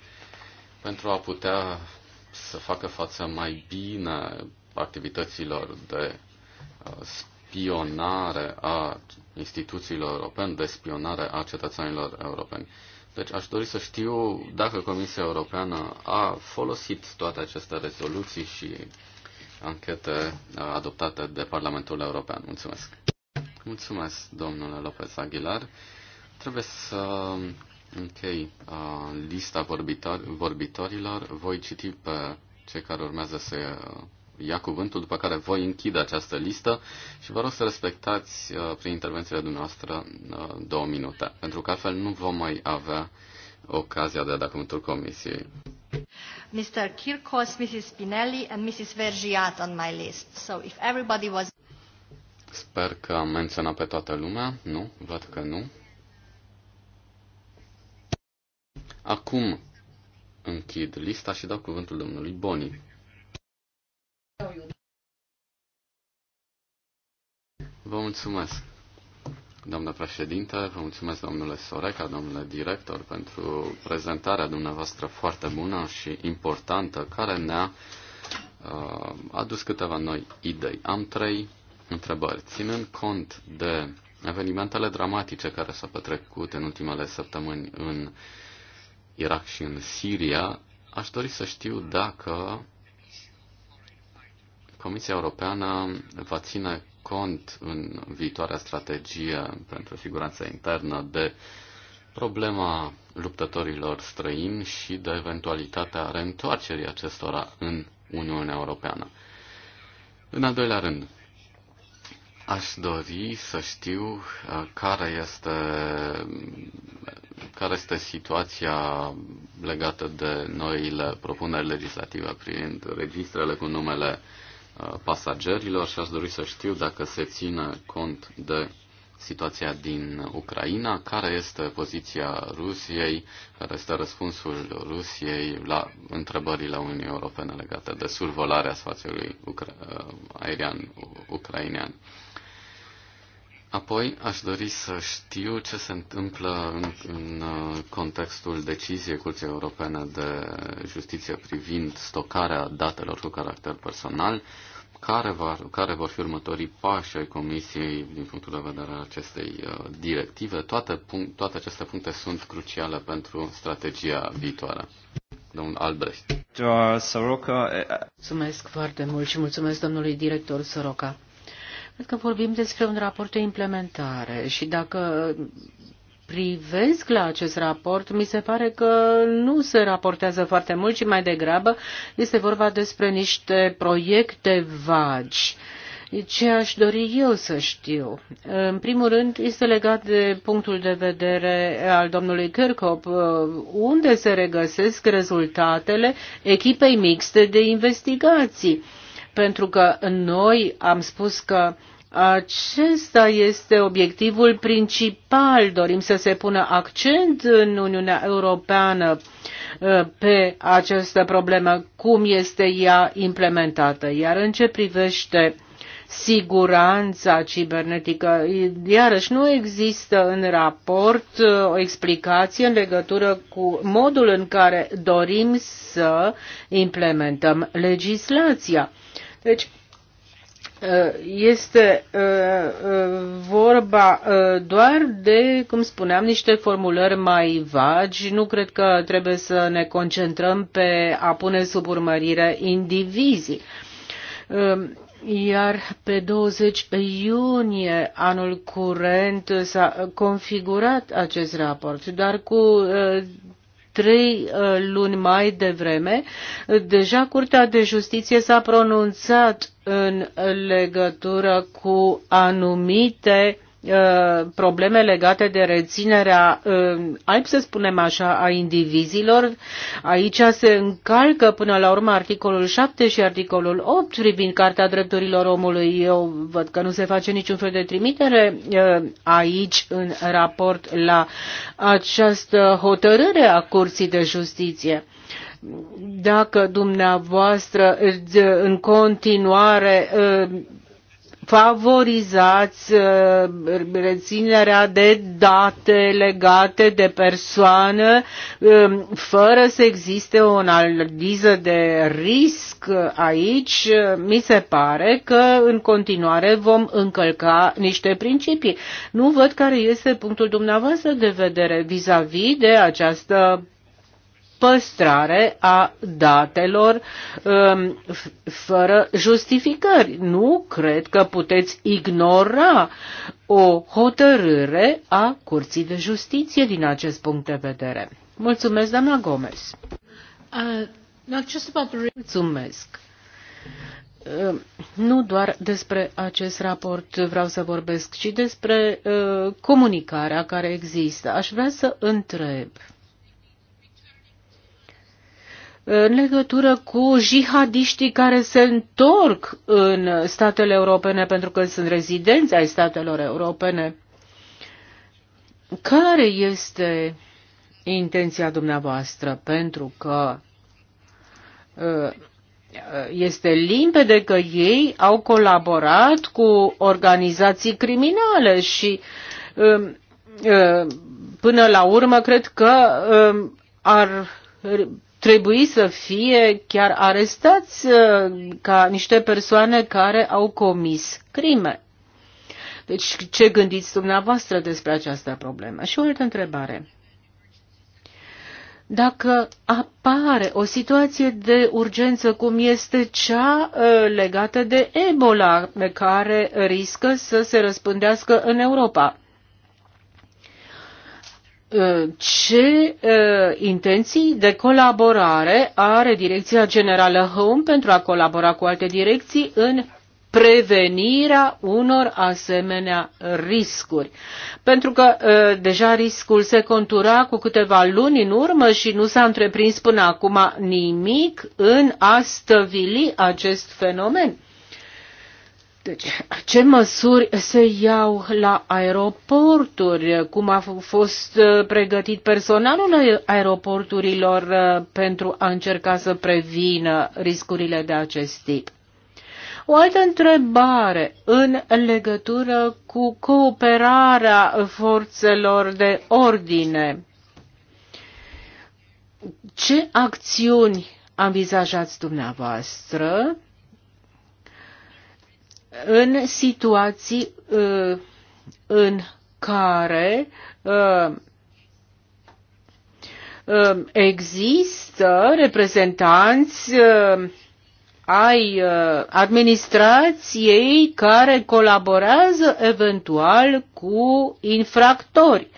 pentru a putea să facă față mai bine activităților de uh, spionare a instituțiilor europene, de spionare a cetățenilor europeni. Deci aș dori să știu dacă Comisia Europeană a folosit toate aceste rezoluții și anchete uh, adoptate de Parlamentul European. Mulțumesc. Mulțumesc, domnule Lopez Aguilar. Trebuie să închei uh, lista vorbitor- vorbitorilor. Voi citi pe cei care urmează să ia cuvântul, după care voi închide această listă și vă rog să respectați uh, prin intervențiile dumneavoastră uh, două minute, pentru că altfel nu vom mai avea ocazia de a da cuvântul comisiei. Mr. Kirkos, Mrs. Spinelli and Mrs. Vergiat on my list. So if everybody was... Sper că am menționat pe toată lumea. Nu, văd că nu. Acum închid lista și dau cuvântul domnului Boni. Vă mulțumesc, doamna președinte, vă mulțumesc, domnule Soreca, domnule director, pentru prezentarea dumneavoastră foarte bună și importantă, care ne-a uh, adus câteva noi idei. Am trei întrebări. Ținând cont de evenimentele dramatice care s-au petrecut în ultimele săptămâni în uh, Irak și în Siria, aș dori să știu dacă Comisia Europeană va ține cont în viitoarea strategie pentru siguranța internă de problema luptătorilor străini și de eventualitatea reîntoarcerii acestora în Uniunea Europeană. În al doilea rând, Aș dori să știu uh, care este, care este situația legată de noile propuneri legislative privind registrele cu numele uh, pasagerilor și aș dori să știu dacă se ține cont de situația din Ucraina, care este poziția Rusiei, care este răspunsul Rusiei la întrebările Uniunii Europene legate de survolarea spațiului ucra- uh, aerian ucrainean. Apoi aș dori să știu ce se întâmplă în, în uh, contextul deciziei Curții Europene de Justiție privind stocarea datelor cu caracter personal, care, va, care vor fi următorii pași ai Comisiei din punctul de vedere al acestei uh, directive. Toate, punct, toate aceste puncte sunt cruciale pentru strategia viitoare. Domnul Albrecht. Soroka. Eh, eh. Mulțumesc foarte mult și mulțumesc domnului director Soroka. Cred că vorbim despre un raport de implementare și dacă privesc la acest raport, mi se pare că nu se raportează foarte mult, ci mai degrabă este vorba despre niște proiecte vagi. Ce aș dori eu să știu? În primul rând, este legat de punctul de vedere al domnului Kirchhoff, unde se regăsesc rezultatele echipei mixte de investigații pentru că noi am spus că acesta este obiectivul principal. Dorim să se pună accent în Uniunea Europeană uh, pe această problemă, cum este ea implementată. Iar în ce privește siguranța cibernetică, iarăși nu există în raport uh, o explicație în legătură cu modul în care dorim să implementăm legislația deci, uh, este uh, uh, vorba doar de, cum spuneam, niște formulări mai vagi. Nu cred că trebuie să ne concentrăm pe a pune sub urmărire indivizii. Iar pe 20 iunie anul curent s-a configurat acest raport, dar cu trei uh, luni mai devreme, deja Curtea de Justiție s-a pronunțat în legătură cu anumite Uh, probleme legate de reținerea uh, alb, să spunem așa, a indivizilor. Aici se încalcă până la urmă articolul 7 și articolul 8 privind Carta Drepturilor Omului. Eu văd că nu se face niciun fel de trimitere uh, aici în raport la această hotărâre a Curții de Justiție dacă dumneavoastră în continuare favorizați uh, reținerea de date legate de persoană um, fără să existe o analiză de risc aici, uh, mi se pare că în continuare vom încălca niște principii. Nu văd care este punctul dumneavoastră de vedere vis-a-vis -vis de această păstrare a datelor um, fără justificări. Nu cred că puteți ignora o hotărâre a Curții de Justiție din acest punct de vedere. Mulțumesc, doamna Gomez. Uh, Mulțumesc. Uh, nu doar despre acest raport vreau să vorbesc, ci despre uh, comunicarea care există. Aș vrea să întreb uh, în legătură cu jihadiștii care se întorc în statele europene pentru că sunt rezidenți ai statelor europene. Care este intenția dumneavoastră? Pentru că uh, este limpede că ei au colaborat cu organizații criminale și um, uh, până la urmă cred că um, ar trebui să fie chiar arestați uh, ca niște persoane care au comis crime. Deci ce gândiți dumneavoastră despre această problemă? Și o altă întrebare. Dacă apare o situație de urgență cum este cea uh, legată de Ebola, care riscă să se răspândească în Europa, ce intenții de colaborare are Direcția Generală Home pentru a colabora cu alte direcții în prevenirea unor asemenea riscuri. Pentru că deja riscul se contura cu câteva luni în urmă și nu s-a întreprins până acum nimic în a stăvili acest fenomen. Deci, ce măsuri se iau la aeroporturi? Cum a fost uh, pregătit personalul aeroporturilor uh, pentru a încerca să prevină riscurile de acest tip? O altă întrebare în legătură cu cooperarea forțelor de ordine. Ce acțiuni Ambizajați dumneavoastră în situații uh, în care uh, uh, există reprezentanți ai administrației care colaborează eventual cu infractori.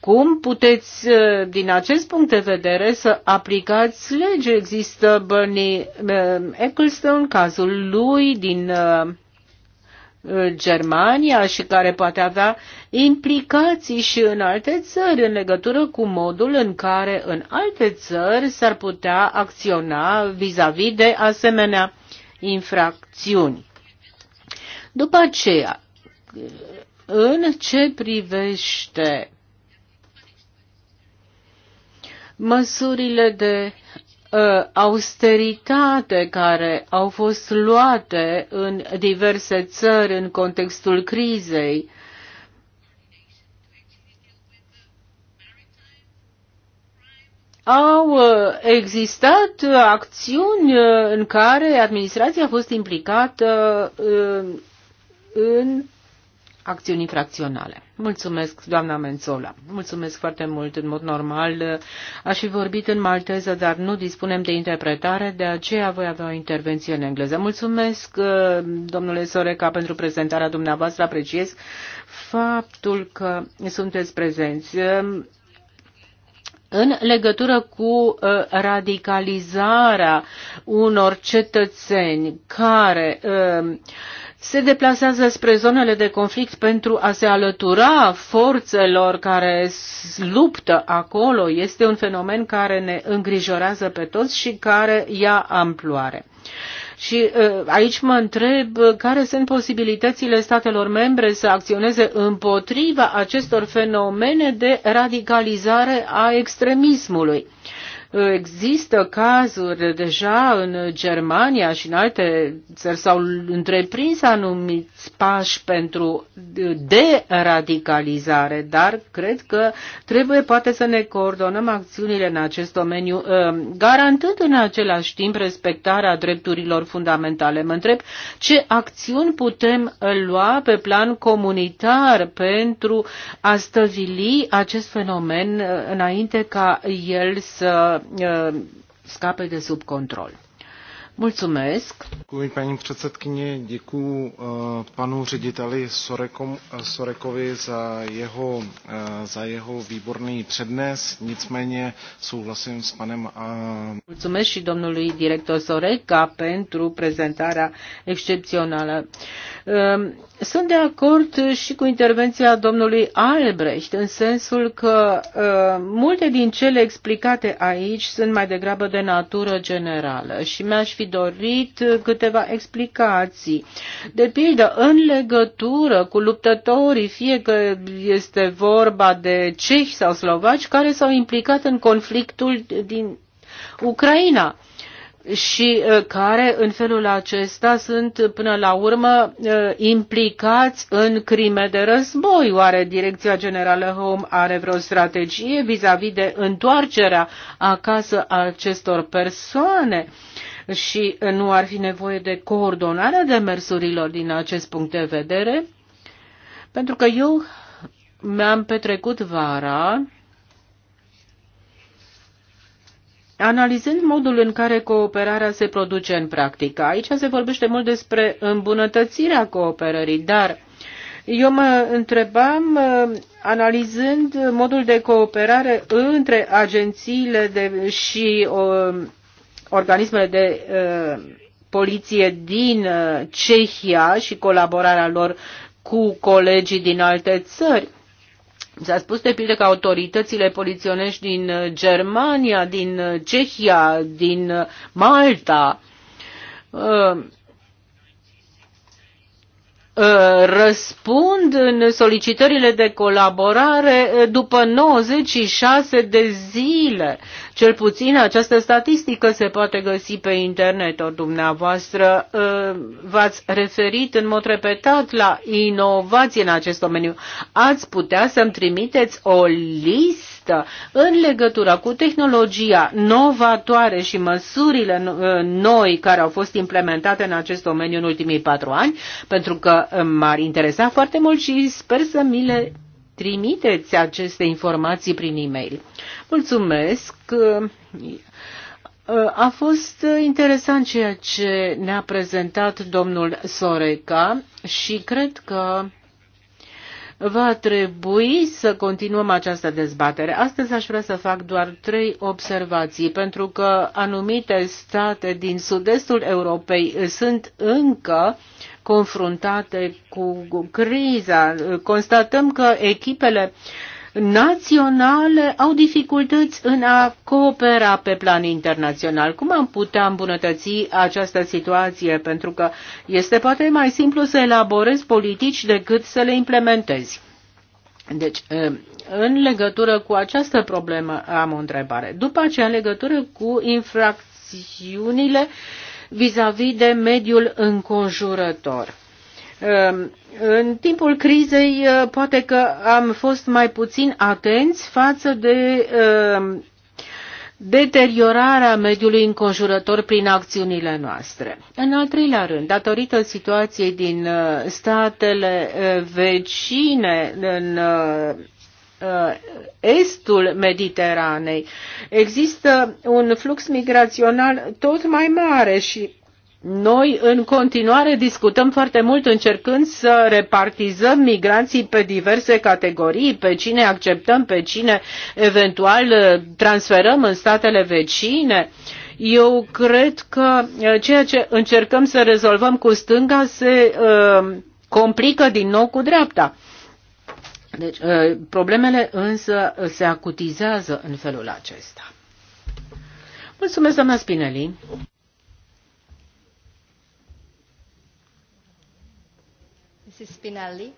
Cum puteți, din acest punct de vedere, să aplicați lege? Există Bernie Eccleston, cazul lui din Germania și care poate avea implicații și în alte țări în legătură cu modul în care în alte țări s-ar putea acționa vis-a-vis -vis de asemenea infracțiuni. După aceea, în ce privește măsurile de Uh, austeritate care au fost luate în diverse țări în contextul crizei. Au uh, existat acțiuni uh, în care administrația a fost implicată în acțiuni infracționale. Mulțumesc, doamna Menzola. Mulțumesc foarte mult. În mod normal aș fi vorbit în malteză, dar nu dispunem de interpretare, de aceea voi avea o intervenție în engleză. Mulțumesc, uh, domnule Soreca, pentru prezentarea dumneavoastră. Apreciez faptul că sunteți prezenți. Um, în legătură cu uh, radicalizarea unor cetățeni care um, se deplasează spre zonele de conflict pentru a se alătura forțelor care luptă acolo. Este un fenomen care ne îngrijorează pe toți și care ia amploare. Și ă, aici mă întreb ă, care sunt posibilitățile statelor membre să acționeze împotriva acestor fenomene de radicalizare a extremismului. Există cazuri deja în Germania și în alte țări s-au întreprins anumiți pași pentru deradicalizare, dar cred că trebuie poate să ne coordonăm acțiunile în acest domeniu, ă, garantând în același timp respectarea drepturilor fundamentale. Mă întreb ce acțiuni putem lua pe plan comunitar pentru a stăvili acest fenomen ă, înainte ca el să scape de sub control. Mulțumesc. Děkuji paní předsedkyně, děkuji panu řediteli Sorekom, Sorekovi za jeho, za jeho výborný přednes, nicméně souhlasím s panem... Mulțumesc și domnului director Soreca pentru prezentarea excepțională. Ehm, sunt de acord și cu intervenția domnului Albrecht, în sensul că ehm, multe din cele explicate aici sunt mai degrabă de natură generală și mi-aș fi dorit câteva explicații. De pildă, în legătură cu luptătorii, fie că este vorba de cehi sau slovaci, care s-au implicat în conflictul din Ucraina. Uh, și uh, care în felul acesta sunt până la urmă uh, implicați în crime de război. Oare Direcția Generală Home are vreo strategie vis-a-vis -vis de întoarcerea acasă a acestor persoane? Și uh, nu ar fi nevoie de coordonarea demersurilor din acest punct de vedere? Pentru că eu mi-am petrecut vara Analizând modul în care cooperarea se produce în practică, aici se vorbește mult despre îmbunătățirea cooperării, dar eu mă întrebam, uh, analizând modul de cooperare între agențiile de, și o, uh, organismele de uh, poliție din uh, Cehia și colaborarea lor cu colegii din alte țări, S-a spus de pildă că autoritățile poliționești din uh, Germania, din uh, Cehia, din uh, Malta, uh, Uh, răspund în solicitările de colaborare uh, după 96 de zile. Cel puțin această statistică se poate găsi pe internet. O dumneavoastră uh, v-ați referit în mod repetat la inovație în acest domeniu. Ați putea să-mi trimiteți o listă există în legătură cu tehnologia novatoare și măsurile uh, noi care au fost implementate în acest domeniu în ultimii patru ani, pentru că uh, m-ar interesa foarte mult și sper să mi le trimiteți aceste informații prin e-mail. Mulțumesc! Uh, a fost interesant ceea ce ne-a prezentat domnul Soreca și cred că va trebui să continuăm această dezbatere. Astăzi aș vrea să fac doar trei observații, pentru că anumite state din sud-estul Europei sunt încă confruntate cu criza. Constatăm că echipele uh, naționale au dificultăți în a coopera pe plan internațional. Cum am putea îmbunătăți această situație? Pentru că este poate mai simplu să elaborezi politici decât să le implementezi. Deci, în legătură cu această problemă am o întrebare. După aceea, în legătură cu infracțiunile vis-a-vis -vis de mediul înconjurător. În timpul crizei, uh, poate că am fost mai puțin atenți față de uh, deteriorarea mediului înconjurător prin acțiunile noastre. În al treilea rând, datorită situației din uh, statele vecine, în estul Mediteranei, există un flux migrațional tot mai mare și noi în continuare discutăm foarte mult încercând să repartizăm migranții pe diverse categorii, pe cine acceptăm, pe cine eventual transferăm în statele vecine. Eu cred că uh, ceea ce încercăm să rezolvăm cu stânga se uh, complică din nou cu dreapta. Deci, uh, problemele însă se acutizează în felul acesta. Mulțumesc, doamna Spinelli. Mrs. Spinelli.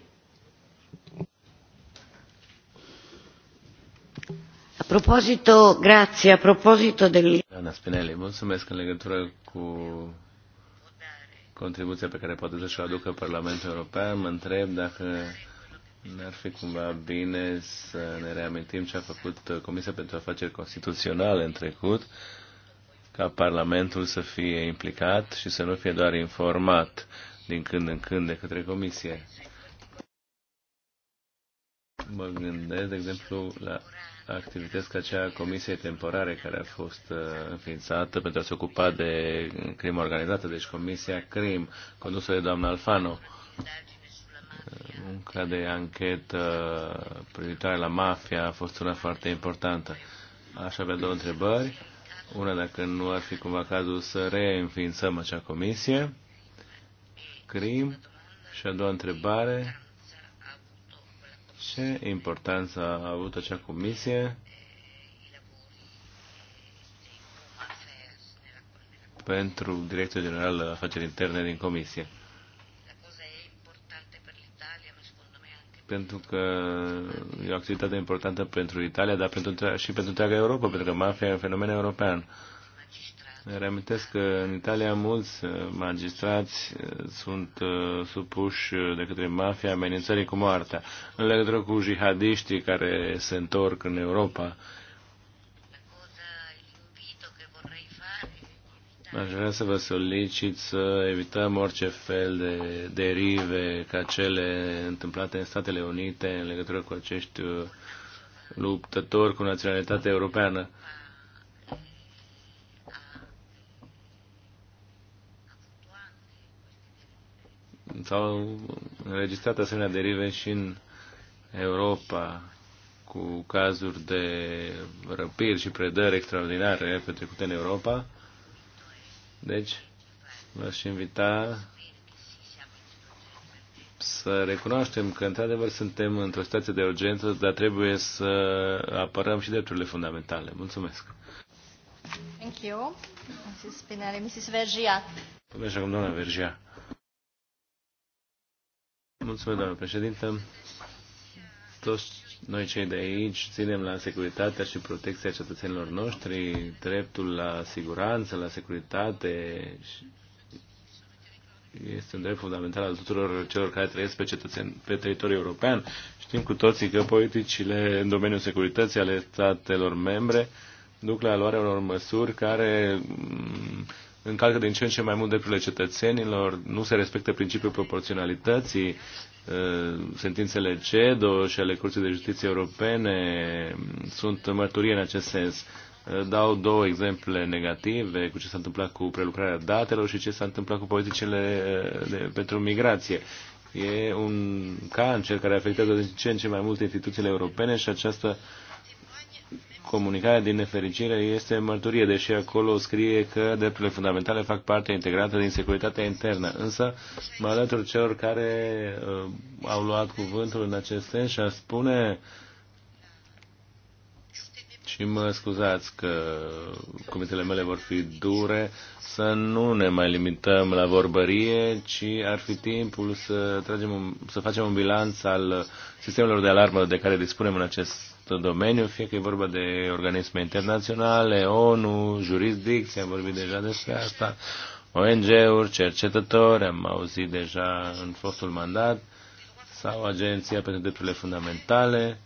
A proposito, grazie, a proposito del... Spinelli, mulțumesc în legătură cu contribuția pe care poate să-și o aducă Parlamentul European. Mă întreb dacă n-ar fi cumva bine să ne reamintim ce a făcut Comisia pentru Afaceri Constituționale în trecut, ca Parlamentul să fie implicat și să nu fie doar informat din când în când de către comisie. Mă gândesc, de exemplu, la activități ca cea a Comisiei Temporare care a fost uh, înființată pentru a se ocupa de crimă organizată, deci Comisia CRIM, condusă de doamna Alfano uh, munca de anchetă privitoare la mafia a fost una foarte importantă. Aș avea două întrebări. Una, dacă nu ar fi cumva cazul să reînființăm acea comisie crim? Și a doua întrebare, ce importanță a avut acea comisie pentru Direcția Generală Afaceri Interne din Comisie? pentru că e o activitate importantă pentru Italia, dar pentru, și pentru întreaga Europa, pentru că mafia e un fenomen european. Ne reamintesc că în Italia mulți uh, magistrați uh, sunt uh, supuși de către mafia amenințării cu moartea, în legătură cu jihadiștii care se întorc în Europa. Aș vrea să vă solicit să evităm orice fel de derive ca cele întâmplate în Statele Unite în legătură cu acești luptători cu naționalitate europeană. s-au înregistrat asemenea derive și în Europa cu cazuri de răpiri și predări extraordinare petrecute în Europa. Deci, v-aș invita să recunoaștem că, într-adevăr, suntem într-o situație de urgență, dar trebuie să apărăm și drepturile fundamentale. Mulțumesc! Thank you, Mrs. Spinelli. Mrs. Vergia. Până Vergia. Mulțumesc, doamnă președintă. Toți noi cei de aici ținem la securitatea și protecția cetățenilor noștri, dreptul la siguranță, la securitate este un drept fundamental al tuturor celor care trăiesc pe, cetățen, pe teritoriul european. Știm cu toții că politicile în domeniul securității ale statelor membre duc la luarea unor măsuri care mm, încalcă din ce în ce mai mult drepturile cetățenilor, nu se respectă principiul proporționalității, uh, sentințele CEDO și ale Curții de Justiție Europene sunt mărturie în acest sens. Uh, dau două exemple negative cu ce s-a întâmplat cu prelucrarea datelor și ce s-a întâmplat cu politicile uh, de, pentru migrație. E un cancer care afectează din ce în ce mai multe instituțiile europene și această uh, comunicarea, din nefericire, este mărturie, deși acolo scrie că drepturile fundamentale fac parte integrantă din securitatea internă. Însă, mă alătur celor care uh, au luat cuvântul în acest sens și a spune și mă scuzați că cuvintele mele vor fi dure, să nu ne mai limităm la vorbărie, ci ar fi timpul să, tragem un, să facem un bilanț al uh, sistemelor de alarmă de care dispunem în acest acest domeniu, fie că e vorba de organisme internaționale, ONU, jurisdicție, am vorbit deja despre asta, ONG-uri, cercetători, am auzit deja în fostul mandat, sau Agenția pentru Drepturile Fundamentale.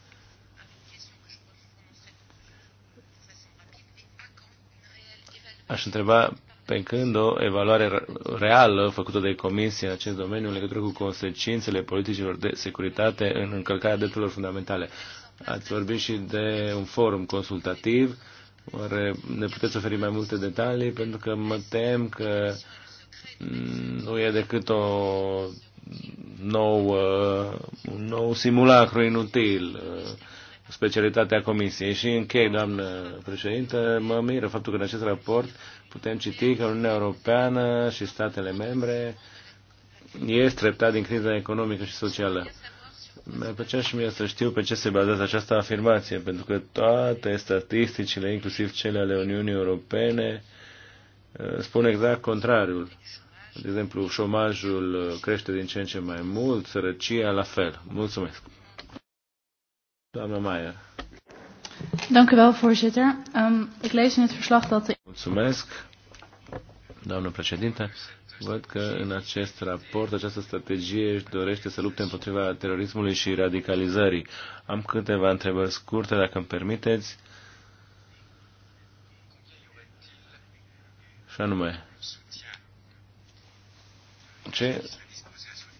Aș întreba pe când o evaluare reală făcută de comisie în acest domeniu în legătură cu consecințele politicilor de securitate în încălcarea drepturilor fundamentale. Ați vorbit și de un forum consultativ. Oare ne puteți oferi mai multe detalii? Pentru că mă tem că mm, nu e decât o nou, un nou simulacru inutil uh, specialitatea Comisiei. Și închei, doamnă președintă, mă miră faptul că în acest raport putem citi că Uniunea Europeană și statele membre ies treptat din criza economică și socială. Mi-ar plăcea și mie să știu pe ce se bazează această afirmație, pentru că toate statisticile, inclusiv cele ale Uniunii Europene, uh, spun exact contrariul. De exemplu, șomajul uh, crește din ce în ce mai mult, sărăcia la fel. Mulțumesc. Doamna Maier. Dank u wel, voorzitter. Um, ik lees in het verslag dat... Mulțumesc, doamnă președinte. Văd că în acest raport această strategie își dorește să lupte împotriva terorismului și radicalizării. Am câteva întrebări scurte, dacă îmi permiteți. Și anume, ce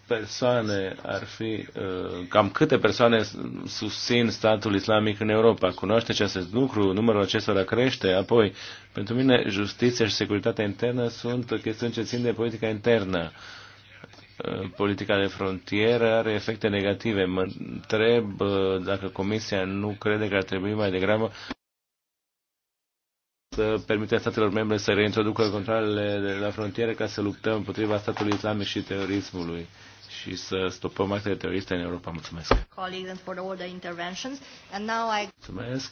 persoane ar fi, uh, cam câte persoane susțin statul islamic în Europa. Cunoaște acest lucru, numărul acestora crește. Apoi, pentru mine, justiția și securitatea internă sunt chestiuni ce țin de politica internă. Uh, politica de frontieră are efecte negative. Mă întreb uh, dacă Comisia nu crede că ar trebui mai degrabă să permite statelor membre să reintroducă controlele de la frontieră ca să luptăm împotriva statului islamic și terorismului și să stopăm actele teroriste în Europa. Mulțumesc! Mulțumesc!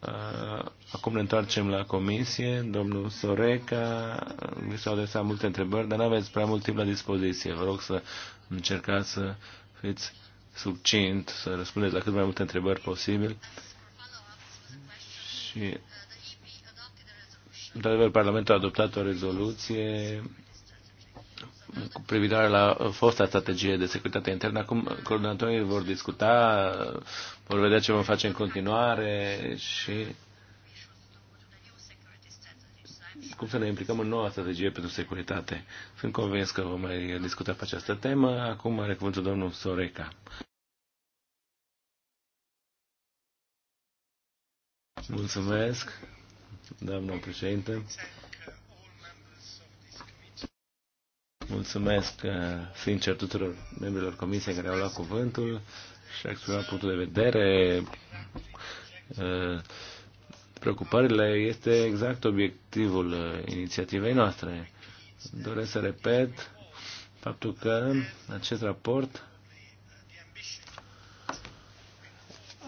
Uh, acum ne întoarcem la comisie. Domnul Soreca, mi s-au adresat multe întrebări, dar nu aveți prea mult timp la dispoziție. Vă rog să încercați să fiți succint, să răspundeți la cât mai multe întrebări posibil. Și, într-adevăr, Parlamentul a adoptat o rezoluție cu privire la fosta strategie de securitate internă. Acum coordonatorii vor discuta, vor vedea ce vom face în continuare și cum să ne implicăm în noua strategie pentru securitate. Sunt convins că vom mai discuta pe această temă. Acum are cuvântul domnul Soreca. Mulțumesc, doamnă președinte. Mulțumesc uh, sincer tuturor membrilor comisiei care au luat cuvântul și a exprimat punctul de vedere. Uh, preocupările este exact obiectivul uh, inițiativei noastre. Doresc să repet faptul că acest raport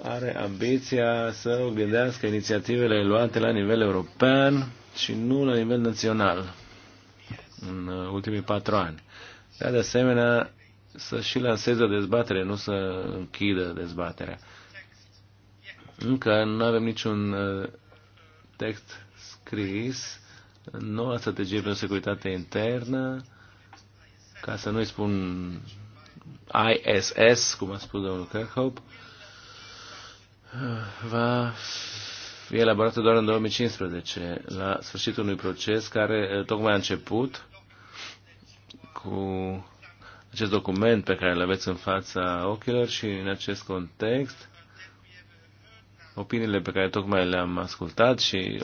are ambiția să oglindească inițiativele luate la nivel european și nu la nivel național în uh, ultimii patru ani. Dar, de asemenea, să și lanseze o dezbatere, nu să închidă dezbaterea. Încă nu avem niciun uh, text scris, noua strategie pentru securitate internă, ca să nu-i spun ISS, cum a spus domnul Kirchhoff, va fi elaborată doar în 2015, la sfârșitul unui proces care uh, tocmai a început cu acest document pe care îl aveți în fața ochilor și în acest context opiniile pe care tocmai le-am ascultat și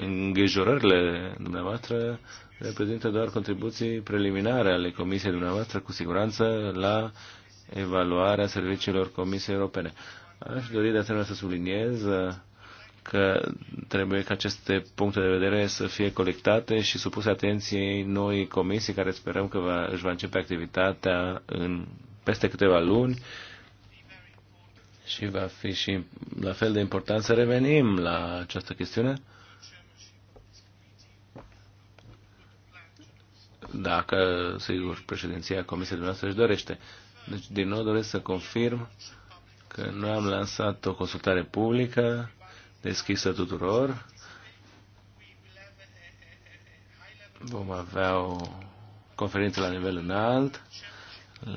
îngrijorările dumneavoastră reprezintă doar contribuții preliminare ale Comisiei dumneavoastră, cu siguranță, la evaluarea serviciilor Comisiei Europene. Aș dori de asemenea să subliniez că trebuie ca aceste puncte de vedere să fie colectate și supuse atenției noi comisii care sperăm că va, își va începe activitatea în peste câteva luni și va fi și la fel de important să revenim la această chestiune. Dacă, sigur, președinția Comisiei dumneavoastră își dorește. Deci, din nou, doresc să confirm că noi am lansat o consultare publică deschisă tuturor. Vom avea o conferință la nivel înalt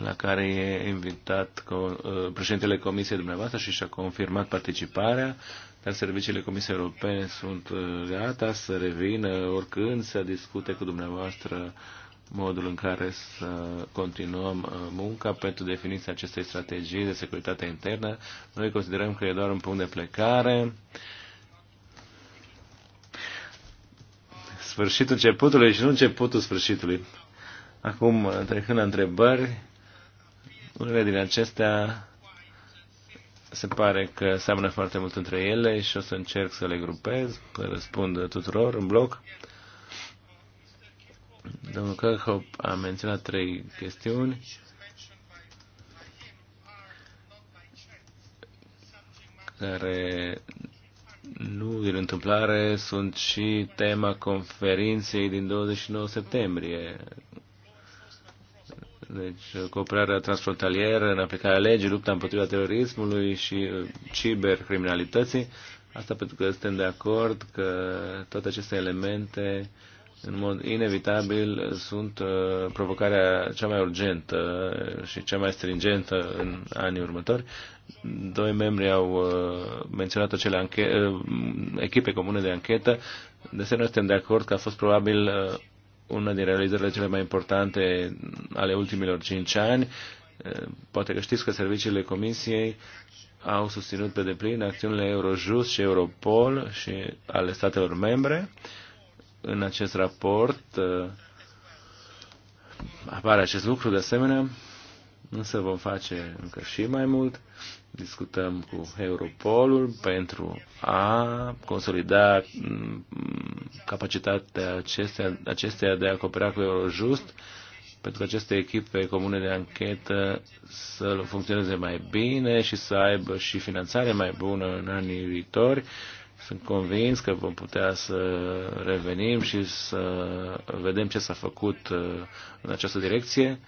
la care e invitat uh, președintele Comisiei dumneavoastră și și-a confirmat participarea, dar serviciile Comisiei Europene sunt uh, gata să revină oricând să discute cu dumneavoastră uh, modul în care să continuăm uh, munca pentru definiția acestei strategii de securitate internă. Noi considerăm că e doar un punct de plecare. Sfârșitul începutului și nu începutul sfârșitului. Acum, trecând la întrebări, unele din acestea se pare că seamănă foarte mult între ele și o să încerc să le grupez, să răspund tuturor în bloc. Domnul Kirchhoff a menționat trei chestiuni. care nu din întâmplare sunt și tema conferinței din 29 septembrie. Deci, cooperarea transfrontalieră în aplicarea legii, lupta împotriva terorismului și uh, cibercriminalității. Asta pentru că suntem de acord că toate aceste elemente uh, în mod inevitabil sunt uh, provocarea cea mai urgentă uh, și cea mai stringentă în anii următori. Doi membri au uh, menționat acele echipe comune de anchetă. De asemenea, suntem de acord că a fost probabil una din realizările cele mai importante ale ultimilor cinci ani. Poate că știți că serviciile Comisiei au susținut pe deplin acțiunile Eurojust și Europol și ale statelor membre. Uh, în acest raport uh, apare acest lucru de asemenea, însă vom face încă și mai mult. Discutăm cu Europolul pentru a consolida mm, capacitatea acestea, acestea de a coopera cu Eurojust, pentru că aceste echipe comune de anchetă să funcționeze mai bine și să aibă și finanțare mai bună în anii viitori sunt convins că vom putea să revenim și să vedem ce s-a făcut uh, în această direcție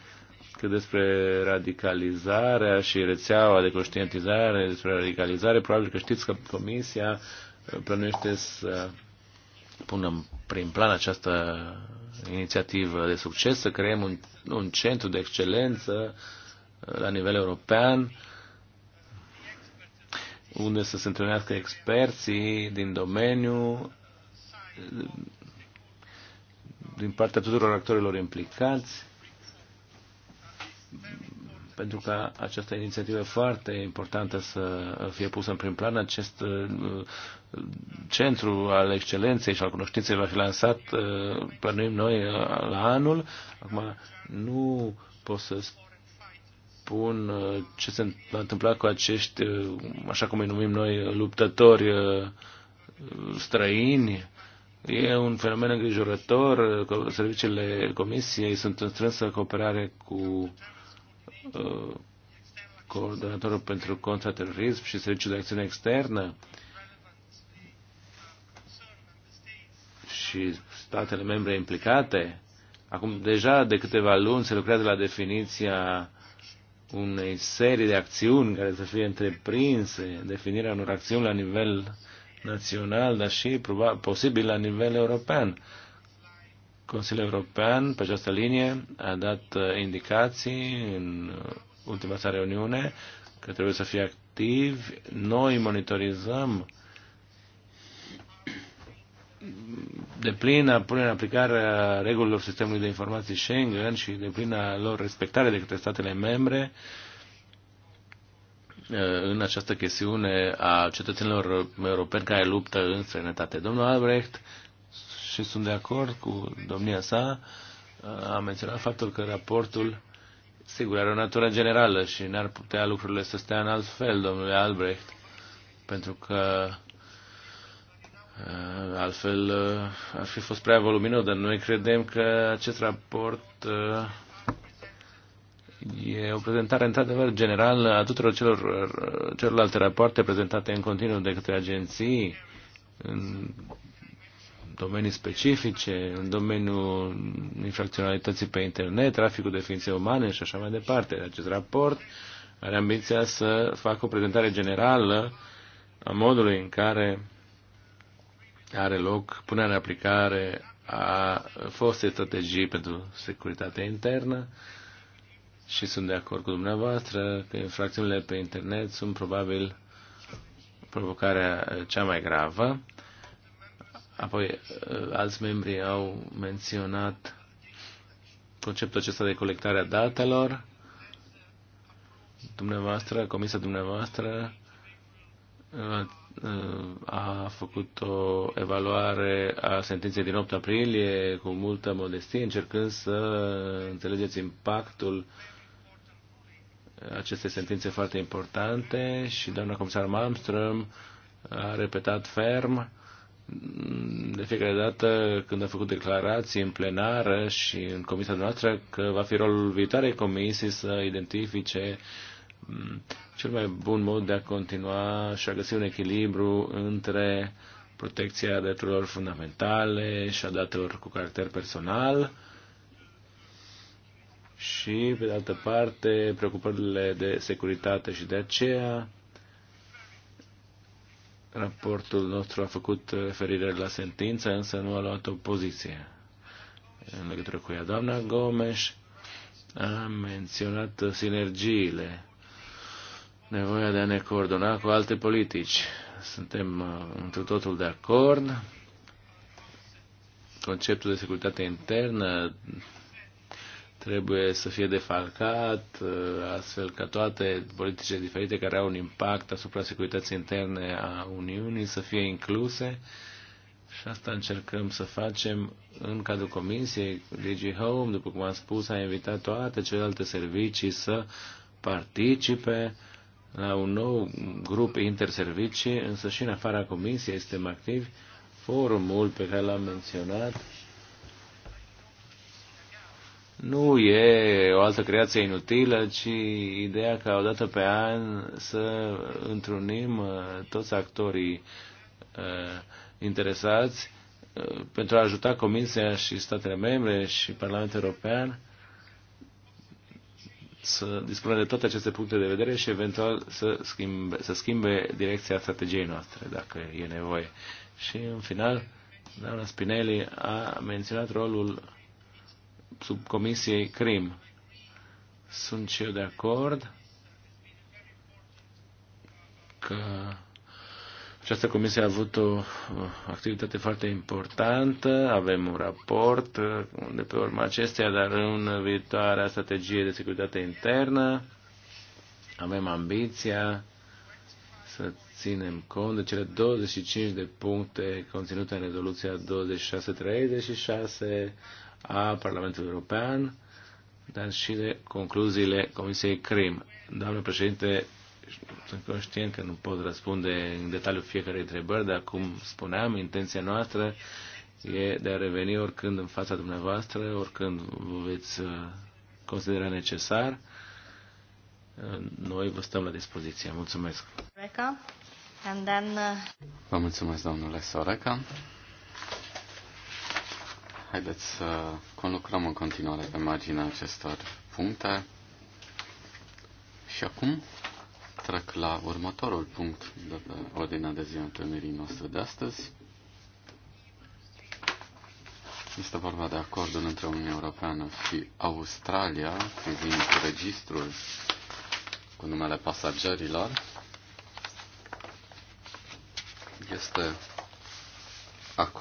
că despre radicalizarea și rețeaua de conștientizare despre radicalizare, probabil că știți că Comisia uh, plănuiește să pună prin plan această inițiativă de succes, să creăm un, un centru de excelență uh, la nivel european unde să se întâlnească experții din domeniu, din partea tuturor actorilor implicați, pentru că această inițiativă foarte importantă să fie pusă în prim plan. Acest uh, centru al excelenței și al cunoștinței va fi lansat, uh, plănuim noi, uh, la anul. Acum, nu pot să spun spun uh, ce se va întâmpla cu acești, uh, așa cum îi numim noi, luptători uh, străini. E un fenomen îngrijorător. Serviciile Comisiei sunt în strânsă cooperare cu coordonatorul pentru contraterorism și serviciul de acțiune externă și statele membre implicate. Acum, deja de câteva luni se lucrează la definiția unei serii de acțiuni care să fie întreprinse, definirea unor acțiuni la nivel național, dar și probabil, posibil la nivel european. Consiliul European, pe această linie, a dat uh, indicații în ultima sa reuniune că trebuie să fie activ. Noi monitorizăm uh, de plină punere în aplicare a regulilor sistemului de informații Schengen și de plină lor respectare de către statele membre uh, în această chestiune a cetățenilor europeni care luptă în străinătate. Domnul Albrecht, și sunt de acord cu domnia sa, uh, a menționat faptul că raportul, sigur, are o natură generală și n-ar putea lucrurile să stea în alt fel, domnule Albrecht, pentru că Uh, altfel uh, ar fi fost prea voluminos, dar noi credem că acest raport uh, e o prezentare într-adevăr generală a tuturor celor, celorlalte rapoarte prezentate în continuu de către agenții în domenii specifice, în domeniul infracționalității pe internet, traficul de ființe umane și așa mai departe. Acest raport are ambiția să facă o prezentare generală a modului în care are loc punerea în aplicare a fostei strategii pentru securitatea internă și sunt de acord cu dumneavoastră că infracțiunile pe internet sunt probabil provocarea uh, cea mai gravă. Apoi, uh, alți membri au menționat conceptul acesta de colectare a datelor. Dumneavoastră, comisia dumneavoastră, uh, a făcut o evaluare a sentinței din 8 aprilie cu multă modestie, încercând să înțelegeți impactul acestei sentințe foarte importante și doamna comisar Malmström a repetat ferm de fiecare dată când a făcut declarații în plenară și în comisia noastră că va fi rolul viitoarei comisii să identifice uh, Mm, cel mai bun mod de a continua și a găsi un echilibru între protecția drepturilor fundamentale și a datelor cu caracter personal și, pe de altă parte, preocupările de securitate și de aceea raportul nostru a făcut referire la sentință, însă nu a luat o poziție în legătură cu ea. Doamna Gomes a menționat sinergiile nevoia de a ne coordona cu alte politici. Suntem uh, întru totul de acord. Conceptul de securitate internă trebuie să fie defalcat, uh, astfel ca toate politicile diferite care au un impact asupra securității interne a Uniunii să fie incluse. Și asta încercăm să facem în cadrul comisiei. DG Home, după cum am spus, a invitat toate celelalte servicii să participe la un nou grup interservicii, însă și în afara comisiei suntem activi. Forumul pe care l-am menționat nu e o altă creație inutilă, ci ideea ca odată pe an să întrunim uh, toți actorii uh, interesați uh, pentru a ajuta Comisia și statele membre și Parlamentul European să dispună de toate aceste puncte de vedere și eventual să schimbe, să schimbe direcția strategiei noastre, dacă e nevoie. Și în final, doamna Spinelli a menționat rolul subcomisiei CRIM. Sunt și eu de acord că această comisie a avut o activitate foarte importantă, avem un raport uh, de pe urma acesteia, dar în viitoarea strategie de securitate internă avem ambiția să ținem cont de cele 25 de puncte conținute în rezoluția 2636 a Parlamentului European, dar și de concluziile Comisiei CRIM. Doamne președinte, deci, sunt conștient că nu pot răspunde în detaliu fiecare întrebări, dar cum spuneam, intenția noastră e de a reveni oricând în fața dumneavoastră, oricând vă veți uh, considera necesar. Uh, noi vă stăm la dispoziție. Mulțumesc! And then, uh... Vă mulțumesc, domnule Soreca. Haideți să conlucrăm în continuare pe marginea acestor puncte. Și acum trec la următorul punct de pe ordinea de zi a întâlnirii noastre de astăzi. Este vorba de acordul între Uniunea Europeană și Australia privind registrul cu numele pasagerilor. Este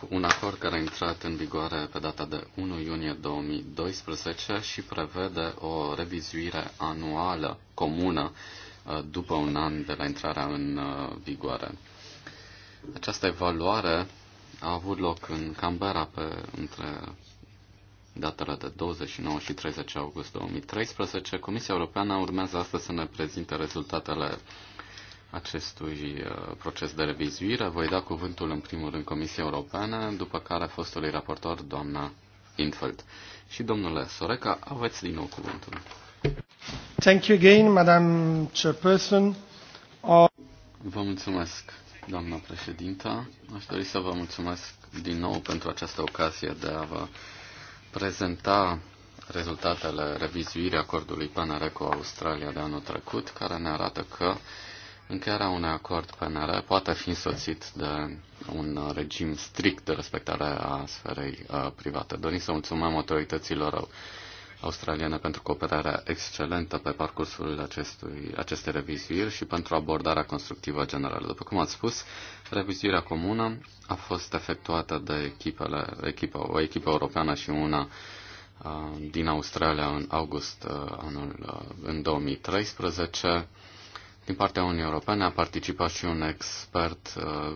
un acord care a intrat în vigoare pe data de 1 iunie 2012 și prevede o revizuire anuală comună Uh, după un an de la intrarea în uh, vigoare. Această evaluare a avut loc în Canberra pe între datele de 29 și 30 august 2013. Comisia Europeană urmează astăzi să ne prezinte rezultatele acestui uh, proces de revizuire. Voi da cuvântul în primul rând Comisia europeană, după care fostului raportor, doamna Infeld. Și domnule Soreca, aveți din nou cuvântul. Thank you again, Madam Chairperson. Uh, vă mulțumesc, doamna președintă. Aș dori să vă mulțumesc din nou pentru această ocazie de a vă prezenta rezultatele revizuirii acordului PNR cu Australia de anul trecut, care ne arată că încheierea unui acord PNR poate fi însoțit de un regim strict de respectare a sferei uh, private. Dorim să mulțumim autorităților australiană pentru cooperarea excelentă pe parcursul acestui, acestei revizuiri și pentru abordarea constructivă generală. După cum ați spus, revizuirea comună a fost efectuată de echipele, echipa, o echipă europeană și una uh, din Australia în august uh, anul uh, în 2013. Din partea Uniunii Europene a participat și un expert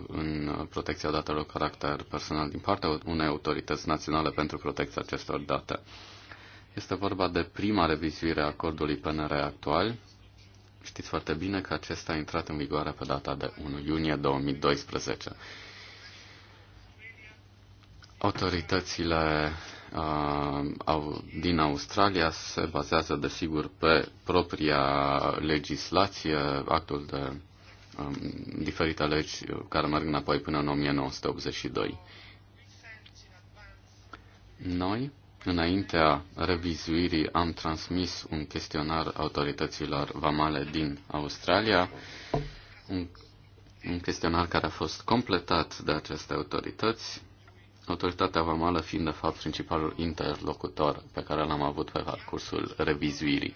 în protecția datelor caracter personal din partea unei autorități naționale pentru protecția acestor date. Este vorba de prima revizuire a acordului PNR actual. Știți foarte bine că acesta a intrat în vigoare pe data de 1 iunie 2012. Autoritățile uh, au, din Australia se bazează, desigur, pe propria legislație, actul de um, diferite legi care merg înapoi până în 1982. Noi Înaintea revizuirii am transmis un chestionar autorităților vamale din Australia, un, un chestionar care a fost completat de aceste autorități, autoritatea vamală fiind de fapt principalul interlocutor pe care l-am avut pe parcursul revizuirii.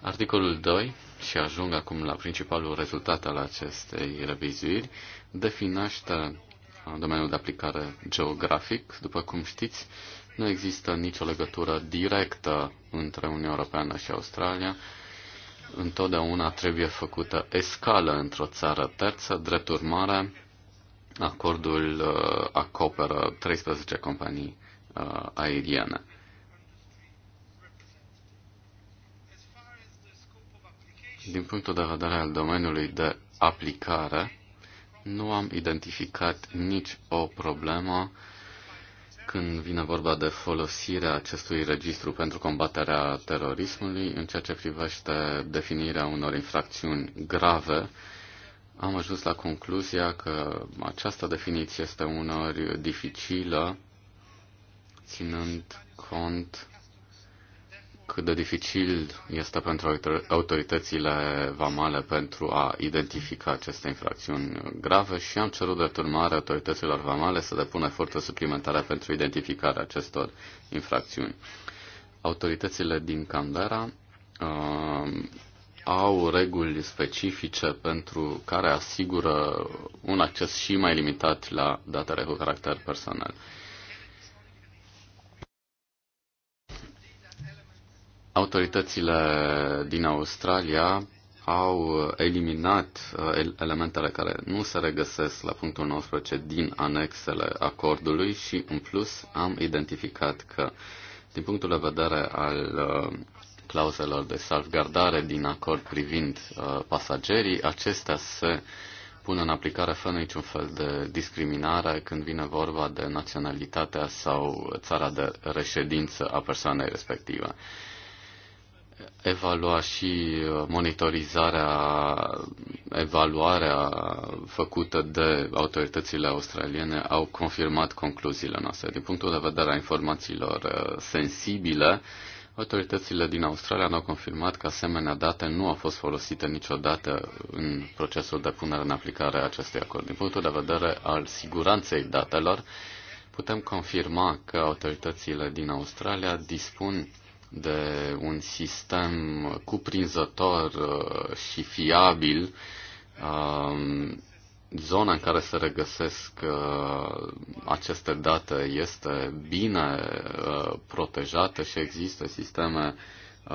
Articolul 2, și ajung acum la principalul rezultat al acestei revizuiri, definește domeniul de aplicare geografic. După cum știți, nu există nicio legătură directă între Uniunea Europeană și Australia. Întotdeauna trebuie făcută escală într-o țară terță. Drept urmare, acordul uh, acoperă 13 companii uh, aeriene. Din punctul de vedere al domeniului de aplicare, nu am identificat nici o problemă când vine vorba de folosirea acestui registru pentru combaterea terorismului, în ceea ce privește definirea unor infracțiuni grave, am ajuns la concluzia că această definiție este unor dificilă, ținând cont cât de dificil este pentru autoritățile vamale pentru a identifica aceste infracțiuni grave și am cerut de urmare autorităților vamale să depună eforturi suplimentare pentru identificarea acestor infracțiuni. Autoritățile din Canberra uh, au reguli specifice pentru care asigură un acces și mai limitat la datele cu caracter personal. Uh, Autoritățile din Australia au eliminat uh, elementele care nu se regăsesc la punctul 19 din anexele acordului și, în plus, am identificat că, din punctul de vedere al uh, clauzelor de salvgardare din acord privind uh, pasagerii, acestea se pun în aplicare fără niciun fel de discriminare când vine vorba de naționalitatea sau țara de reședință a persoanei respective evalua și uh, monitorizarea, evaluarea făcută de autoritățile australiene au confirmat concluziile noastre. Din punctul de vedere a informațiilor uh, sensibile, autoritățile din Australia au confirmat că asemenea date nu au fost folosite niciodată în procesul de punere în aplicare a acestui acord. Din punctul de vedere al siguranței datelor, putem confirma că autoritățile din Australia dispun de un sistem cuprinzător uh, și fiabil um, zona în care se regăsesc uh, aceste date este bine uh, protejată și există sisteme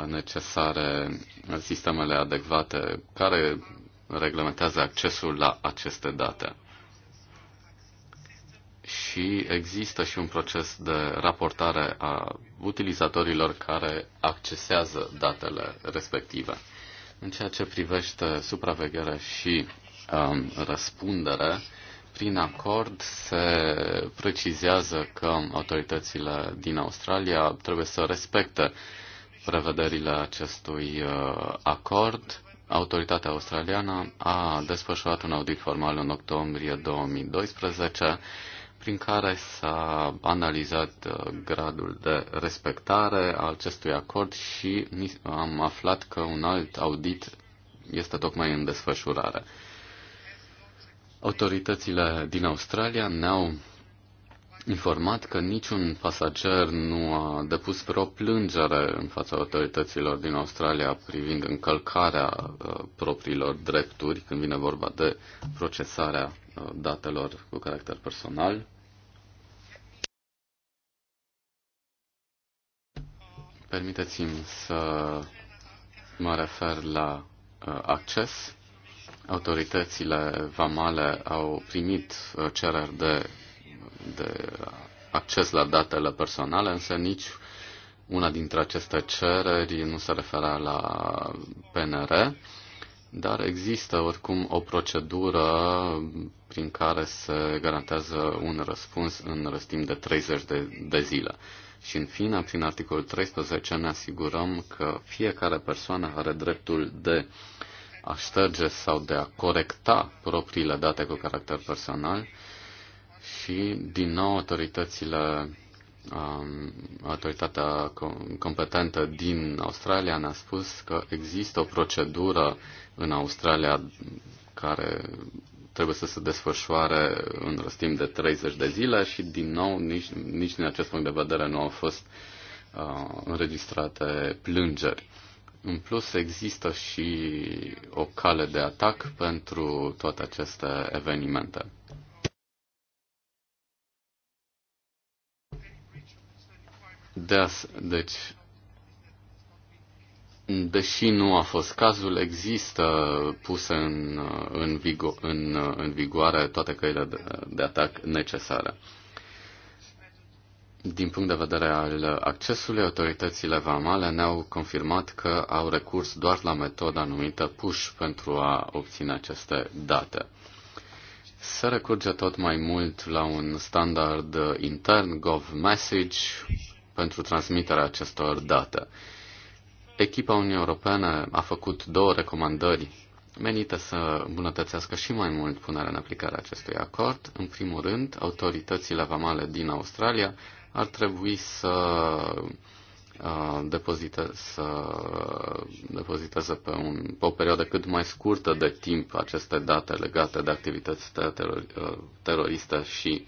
necesare, sistemele adecvate care reglementează accesul la aceste date și există și un proces de raportare a utilizatorilor care accesează datele respective. În ceea ce privește supraveghere și um, răspundere, prin acord se precizează că autoritățile din Australia trebuie să respecte prevederile acestui uh, acord. Autoritatea australiană a desfășurat un audit formal în octombrie 2012 prin care s-a analizat uh, gradul de respectare a acestui acord și am aflat că un alt audit este tocmai în desfășurare. Autoritățile din Australia ne-au informat că niciun pasager nu a depus vreo plângere în fața autorităților din Australia privind încălcarea uh, propriilor drepturi când vine vorba de procesarea uh, datelor cu caracter personal. Permiteți-mi să mă refer la uh, acces. Autoritățile vamale au primit uh, cereri de, de acces la datele personale, însă nici una dintre aceste cereri nu se referă la PNR, dar există oricum o procedură prin care se garantează un răspuns în răstim de 30 de, de zile. Și în fine, prin articolul 13 ne asigurăm că fiecare persoană are dreptul de a șterge sau de a corecta propriile date cu caracter personal și, din nou, autoritățile um, autoritatea competentă din Australia ne-a spus că există o procedură în Australia care trebuie să se desfășoare în răstim de 30 de zile și, din nou, nici, nici din acest punct de vedere nu au fost uh, înregistrate plângeri. În plus, există și o cale de atac pentru toate aceste evenimente. deci, Deși nu a fost cazul, există puse în, în, vigo, în, în vigoare toate căile de, de atac necesare. Din punct de vedere al accesului, autoritățile vamale ne-au confirmat că au recurs doar la metoda numită PUSH pentru a obține aceste date. Se recurge tot mai mult la un standard intern, GovMessage, pentru transmiterea acestor date. Echipa Uniunii Europene a făcut două recomandări menite să îmbunătățească și mai mult punerea în aplicare acestui acord. În primul rând, autoritățile vamale din Australia ar trebui să uh, să depoziteze pe, un, pe o perioadă cât mai scurtă de timp aceste date legate de activități uh, teroriste și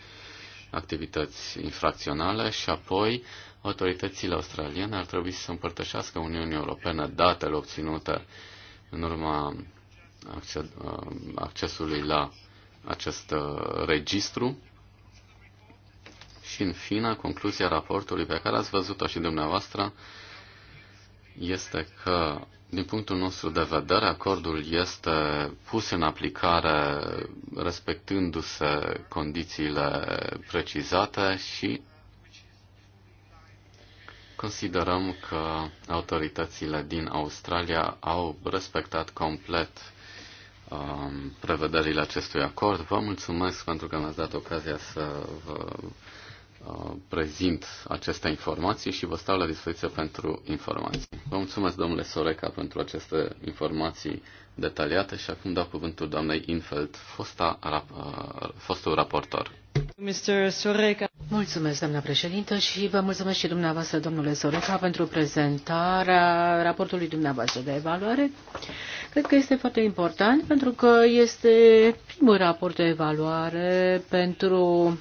activități infracționale și apoi uh, autoritățile australiene ar trebui să împărtășească Uniunii Europene datele obținute în urma uh, accesului la acest uh, registru. Și, în fine, concluzia raportului pe care ați văzut-o și dumneavoastră este că, din punctul nostru de vedere, acordul este pus în aplicare respectându-se condițiile precizate și Considerăm că autoritățile din Australia au respectat complet um, prevederile acestui acord. Vă mulțumesc pentru că mi-ați dat ocazia să vă uh, prezint aceste informații și vă stau la dispoziție pentru informații. Vă mulțumesc, domnule Soreca, pentru aceste informații detaliate și acum dau cuvântul doamnei Infeld, fosta, rap, uh, fostul raportor. Soreca. Mulțumesc, doamnă președintă, și vă mulțumesc și dumneavoastră, domnule Soreca, pentru prezentarea raportului dumneavoastră de evaluare. Cred că este foarte important pentru că este primul raport de evaluare pentru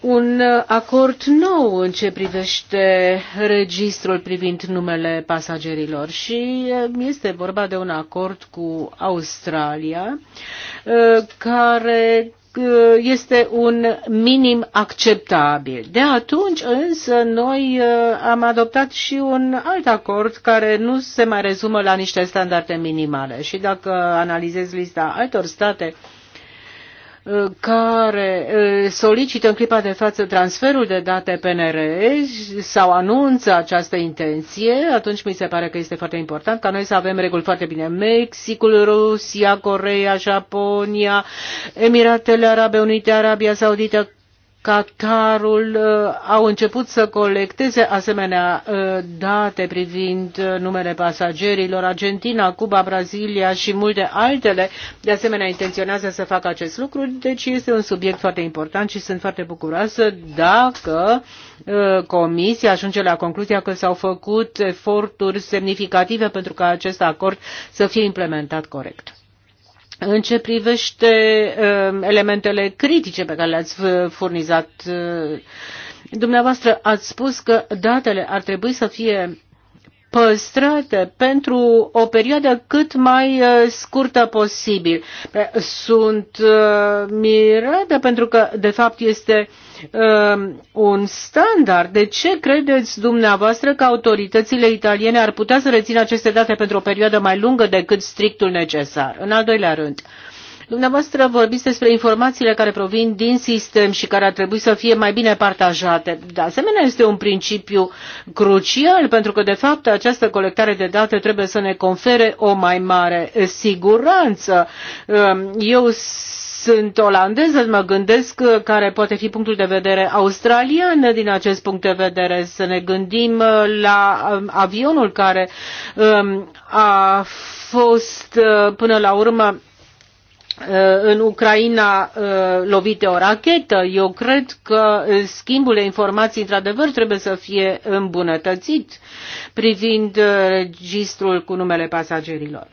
un acord nou în ce privește registrul privind numele pasagerilor și este vorba de un acord cu Australia care Uh, este un minim acceptabil. De atunci însă noi uh, am adoptat și un alt acord care nu se mai rezumă la niște standarde minimale și dacă analizez lista altor state care solicită în clipa de față transferul de date PNR sau anunță această intenție, atunci mi se pare că este foarte important ca noi să avem reguli foarte bine. Mexicul, Rusia, Coreea, Japonia, Emiratele Arabe Unite, Arabia Saudită, Qatarul uh, au început să colecteze asemenea uh, date privind uh, numele pasagerilor. Argentina, Cuba, Brazilia și multe altele de asemenea intenționează să facă acest lucru, deci este un subiect foarte important și sunt foarte bucuroasă dacă Comisia ajunge la concluzia că s-au făcut eforturi semnificative pentru ca acest acord să fie implementat corect. În ce privește um, elementele critice pe care le-ați furnizat, uh, dumneavoastră ați spus că datele ar trebui să fie păstrate pentru o perioadă cât mai uh, scurtă posibil. Sunt uh, mirată pentru că, de fapt, este uh, un standard. De ce credeți dumneavoastră că autoritățile italiene ar putea să rețină aceste date pentru o perioadă mai lungă decât strictul necesar? În al doilea rând, Dumneavoastră vorbiți despre informațiile care provin din sistem și care ar trebui să fie mai bine partajate. De asemenea, este un principiu crucial pentru că, de fapt, această colectare de date trebuie să ne confere o mai mare siguranță. Um, eu sunt olandeză, mă gândesc uh, care poate fi punctul de vedere australian din acest punct de vedere. Să ne gândim uh, la um, avionul care um, a fost uh, până la urmă în Ucraina lovit de o rachetă. Eu cred că schimbul de informații, într-adevăr, trebuie să fie îmbunătățit privind registrul cu numele pasagerilor.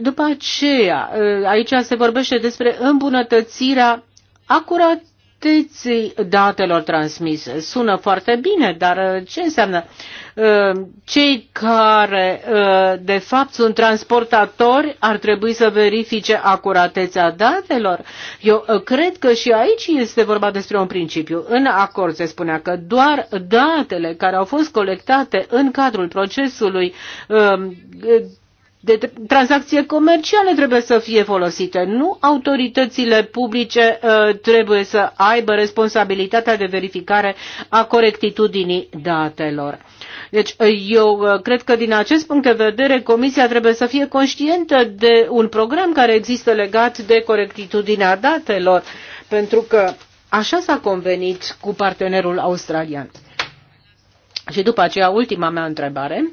După aceea, aici se vorbește despre îmbunătățirea acurateții datelor transmise. Sună foarte bine, dar ce înseamnă? Cei care, de fapt, sunt transportatori ar trebui să verifice acuratețea datelor. Eu cred că și aici este vorba despre un principiu. În acord se spunea că doar datele care au fost colectate în cadrul procesului de tranzacție comerciale trebuie să fie folosite. Nu autoritățile publice uh, trebuie să aibă responsabilitatea de verificare a corectitudinii datelor. Deci uh, eu uh, cred că din acest punct de vedere Comisia trebuie să fie conștientă de un program care există legat de corectitudinea datelor, pentru că așa s-a convenit cu partenerul australian. Și după aceea, ultima mea întrebare.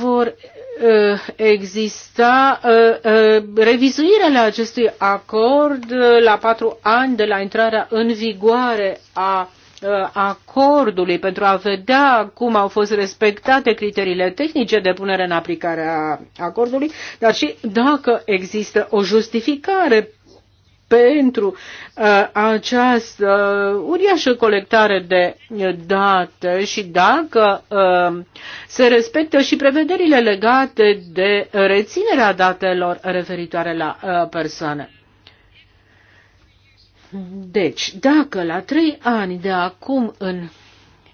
Vor Uh, exista uh, uh, revizuirea la acestui acord la patru ani de la intrarea în vigoare a acordului pentru a vedea cum au fost respectate criteriile tehnice de punere în aplicare a acordului, dar și dacă există o justificare pentru uh, această uh, uriașă colectare de uh, date și dacă uh, se respectă și prevederile legate de reținerea datelor referitoare la uh, persoane. Deci, dacă la trei ani de acum în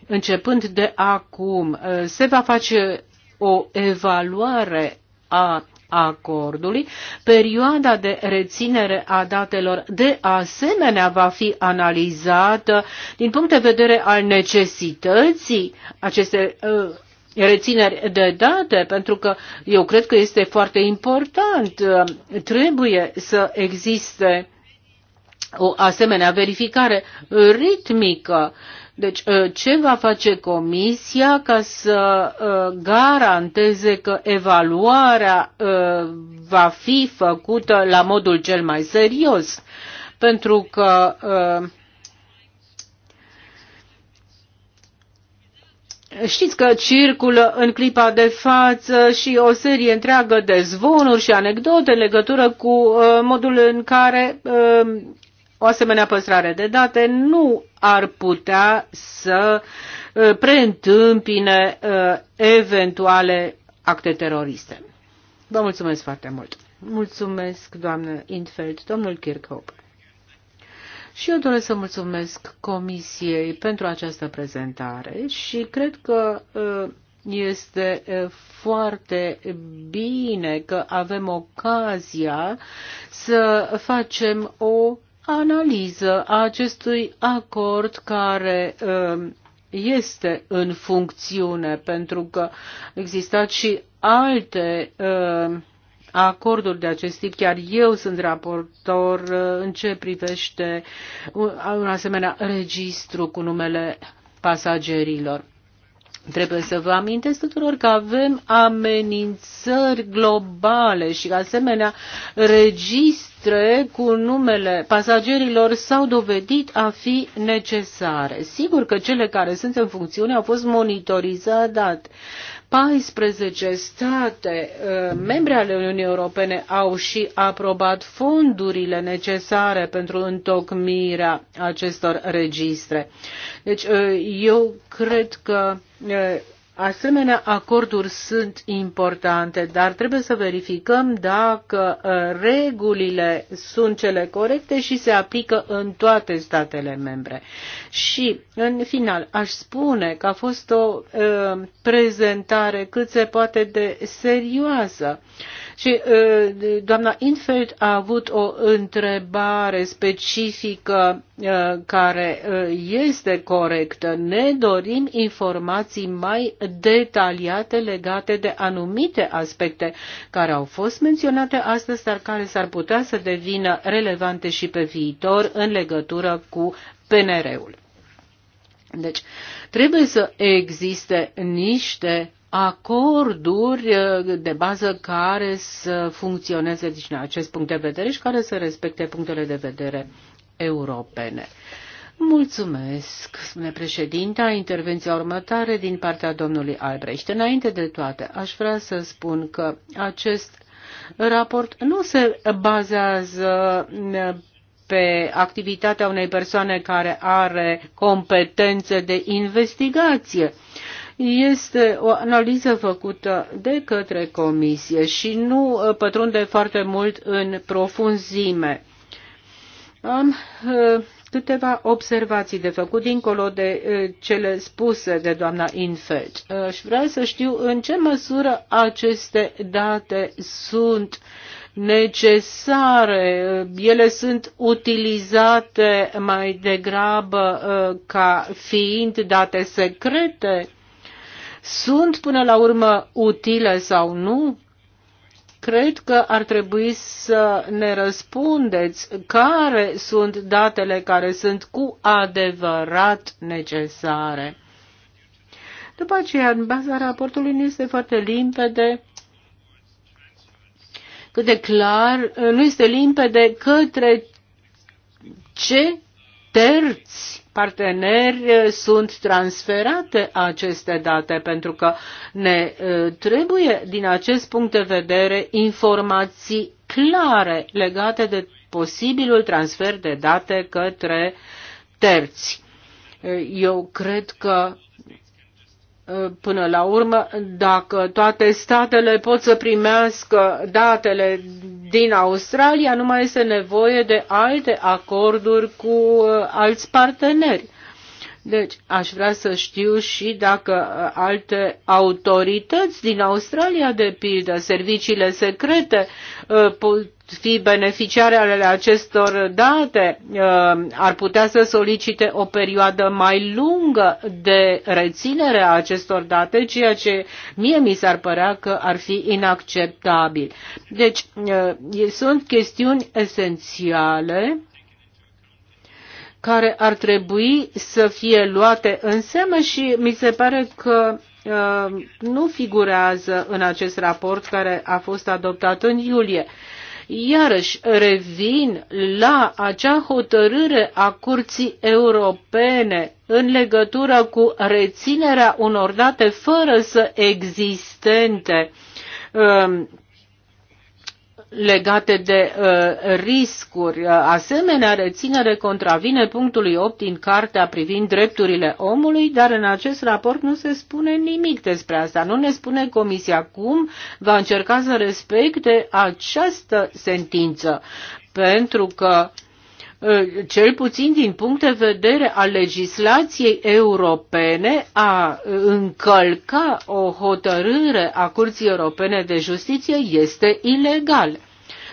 începând de acum, uh, se va face o evaluare a acordului, perioada de reținere a datelor de asemenea va fi analizată din punct de vedere al necesității aceste uh, rețineri de date, pentru că eu cred că este foarte important. Uh, trebuie să existe o asemenea verificare ritmică uh, deci, uh, ce va face Comisia ca să uh, garanteze că evaluarea uh, va fi făcută la modul cel mai serios? Pentru că Știți că circulă în clipa de față și o serie întreagă de zvonuri și anecdote în legătură cu modul în care o asemenea păstrare de date nu ar putea să uh, preîntâmpine uh, eventuale acte teroriste. Vă mulțumesc foarte mult. Mulțumesc, doamnă Intfeld, domnul Kirchhoff. Și eu doresc să mulțumesc Comisiei pentru această prezentare și cred că uh, este foarte bine că avem ocazia să facem o analiză a acestui acord care um, este în funcțiune, pentru că existat și alte um, acorduri de acest tip. Chiar eu sunt raportor uh, în ce privește un asemenea registru cu numele pasagerilor. Trebuie să vă amintesc tuturor că avem amenințări globale și, asemenea, registre cu numele pasagerilor s-au dovedit a fi necesare. Sigur că cele care sunt în funcțiune au fost monitorizate, 14 state uh, membre ale Uniunii Europene au și aprobat fondurile necesare pentru întocmirea acestor registre. Deci uh, eu cred că uh, Asemenea, acorduri sunt importante, dar trebuie să verificăm dacă uh, regulile sunt cele corecte și se aplică în toate statele membre. Și, în final, aș spune că a fost o uh, prezentare cât se poate de serioasă. Uh, și uh, doamna Infeld a avut o întrebare specifică uh, care uh, este corectă. Ne dorim informații mai detaliate legate de anumite aspecte care au fost menționate astăzi, dar care s-ar putea să devină relevante și pe viitor în legătură cu PNR-ul. Deci, trebuie să existe niște acorduri uh, de bază care să funcționeze din acest punct de vedere și care să respecte punctele de vedere europene. Mulțumesc, spune președinta, intervenția următoare din partea domnului Albrecht. Înainte de toate, aș vrea să spun că acest raport nu se bazează uh, pe activitatea unei persoane care are competențe de investigație este o analiză făcută de către comisie și nu uh, pătrunde foarte mult în profunzime. Am uh, câteva observații de făcut dincolo de uh, cele spuse de doamna Infeld. Și vreau să știu în ce măsură aceste date sunt necesare, ele sunt utilizate mai degrabă ca fiind date secrete sunt până la urmă utile sau nu? Cred că ar trebui să ne răspundeți care sunt datele care sunt cu adevărat necesare. După aceea, în baza raportului, nu este foarte limpede cât de clar, nu este limpede către ce terți parteneri eh, sunt transferate aceste date pentru că ne eh, trebuie din acest punct de vedere informații clare legate de posibilul transfer de date către terți. Eh, eu cred că până la urmă, dacă toate statele pot să primească datele din Australia, nu mai este nevoie de alte acorduri cu uh, alți parteneri. Deci, aș vrea să știu și dacă uh, alte autorități din Australia, de pildă, serviciile secrete, uh, pot fi beneficiare ale acestor date uh, ar putea să solicite o perioadă mai lungă de reținere a acestor date, ceea ce mie mi s-ar părea că ar fi inacceptabil. Deci uh, sunt chestiuni esențiale care ar trebui să fie luate în seamă și mi se pare că uh, nu figurează în acest raport care a fost adoptat în iulie. Iarăși revin la acea hotărâre a Curții Europene în legătură cu reținerea unor date fără să existente. Uh, um, legate de uh, riscuri. Uh, asemenea, reținere contravine punctului 8 din Cartea privind drepturile omului, dar în acest raport nu se spune nimic despre asta. Nu ne spune Comisia cum va încerca să respecte această sentință, pentru că uh, Uh, cel puțin din punct de vedere al legislației europene, a uh, încălca o hotărâre a Curții Europene de Justiție este ilegal.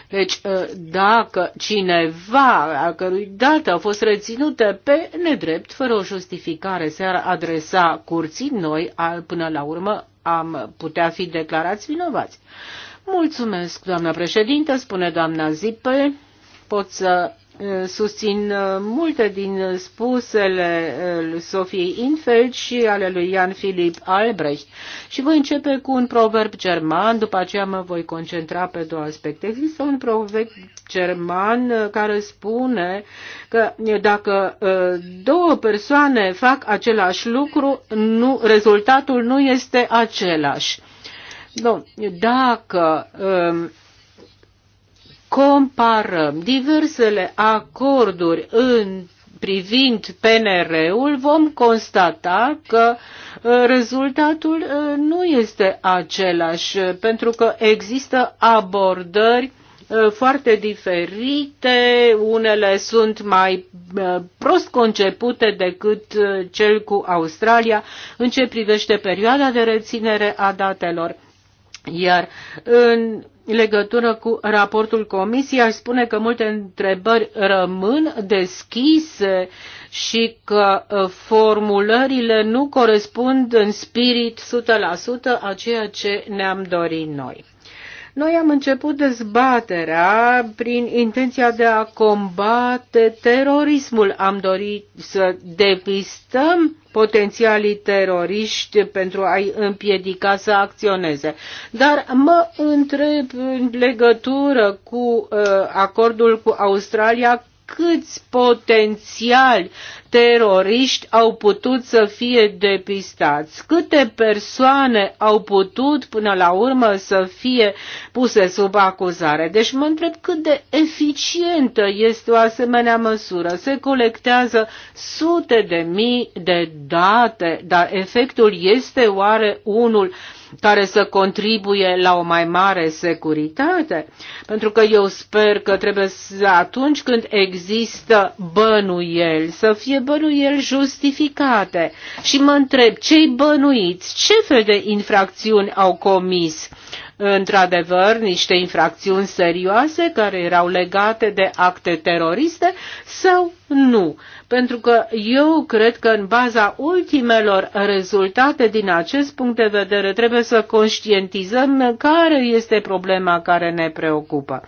Deci, uh, dacă cineva a cărui date au fost reținute pe nedrept, fără o justificare, se-ar adresa curții, noi, până la urmă, am putea fi declarați vinovați. Mulțumesc, doamna președintă, spune doamna Zipe. Pot să Eh, susțin eh, multe din spusele eh, lui Sofiei Infeld și ale lui Jan Philipp Albrecht. Și voi începe cu un proverb german, după aceea mă voi concentra pe două aspecte. Există un proverb german care spune că dacă două persoane fac același lucru, nu, rezultatul nu este același. Nu, dacă ehm, comparăm diversele acorduri în privind PNR-ul, vom constata că uh, rezultatul uh, nu este același, uh, pentru că există abordări foarte diferite, unele sunt mai prost concepute decât cel cu Australia în ce privește perioada de reținere a datelor. Iar în legătură cu raportul comisiei, aș spune că multe întrebări rămân deschise și că uh, formulările nu corespund în spirit 100% a ceea ce ne-am dorit noi. Noi am început dezbaterea prin intenția de a combate terorismul. Am dorit să depistăm potențialii teroriști pentru a-i împiedica să acționeze. Dar mă întreb în legătură cu uh, acordul cu Australia câți potențiali teroriști au putut să fie depistați, câte persoane au putut până la urmă să fie puse sub acuzare. Deci mă întreb cât de eficientă este o asemenea măsură. Se colectează sute de mii de date, dar efectul este oare unul uh, care să contribuie la o mai mare securitate? Pentru că eu sper că trebuie să, atunci când există bănuieli, să fie bănuieli justificate. Și mă întreb, cei bănuiți, ce fel de infracțiuni au comis? într-adevăr niște infracțiuni serioase care erau legate de acte teroriste sau nu pentru că eu cred că în baza ultimelor rezultate din acest punct de vedere trebuie să conștientizăm care este problema care ne preocupă.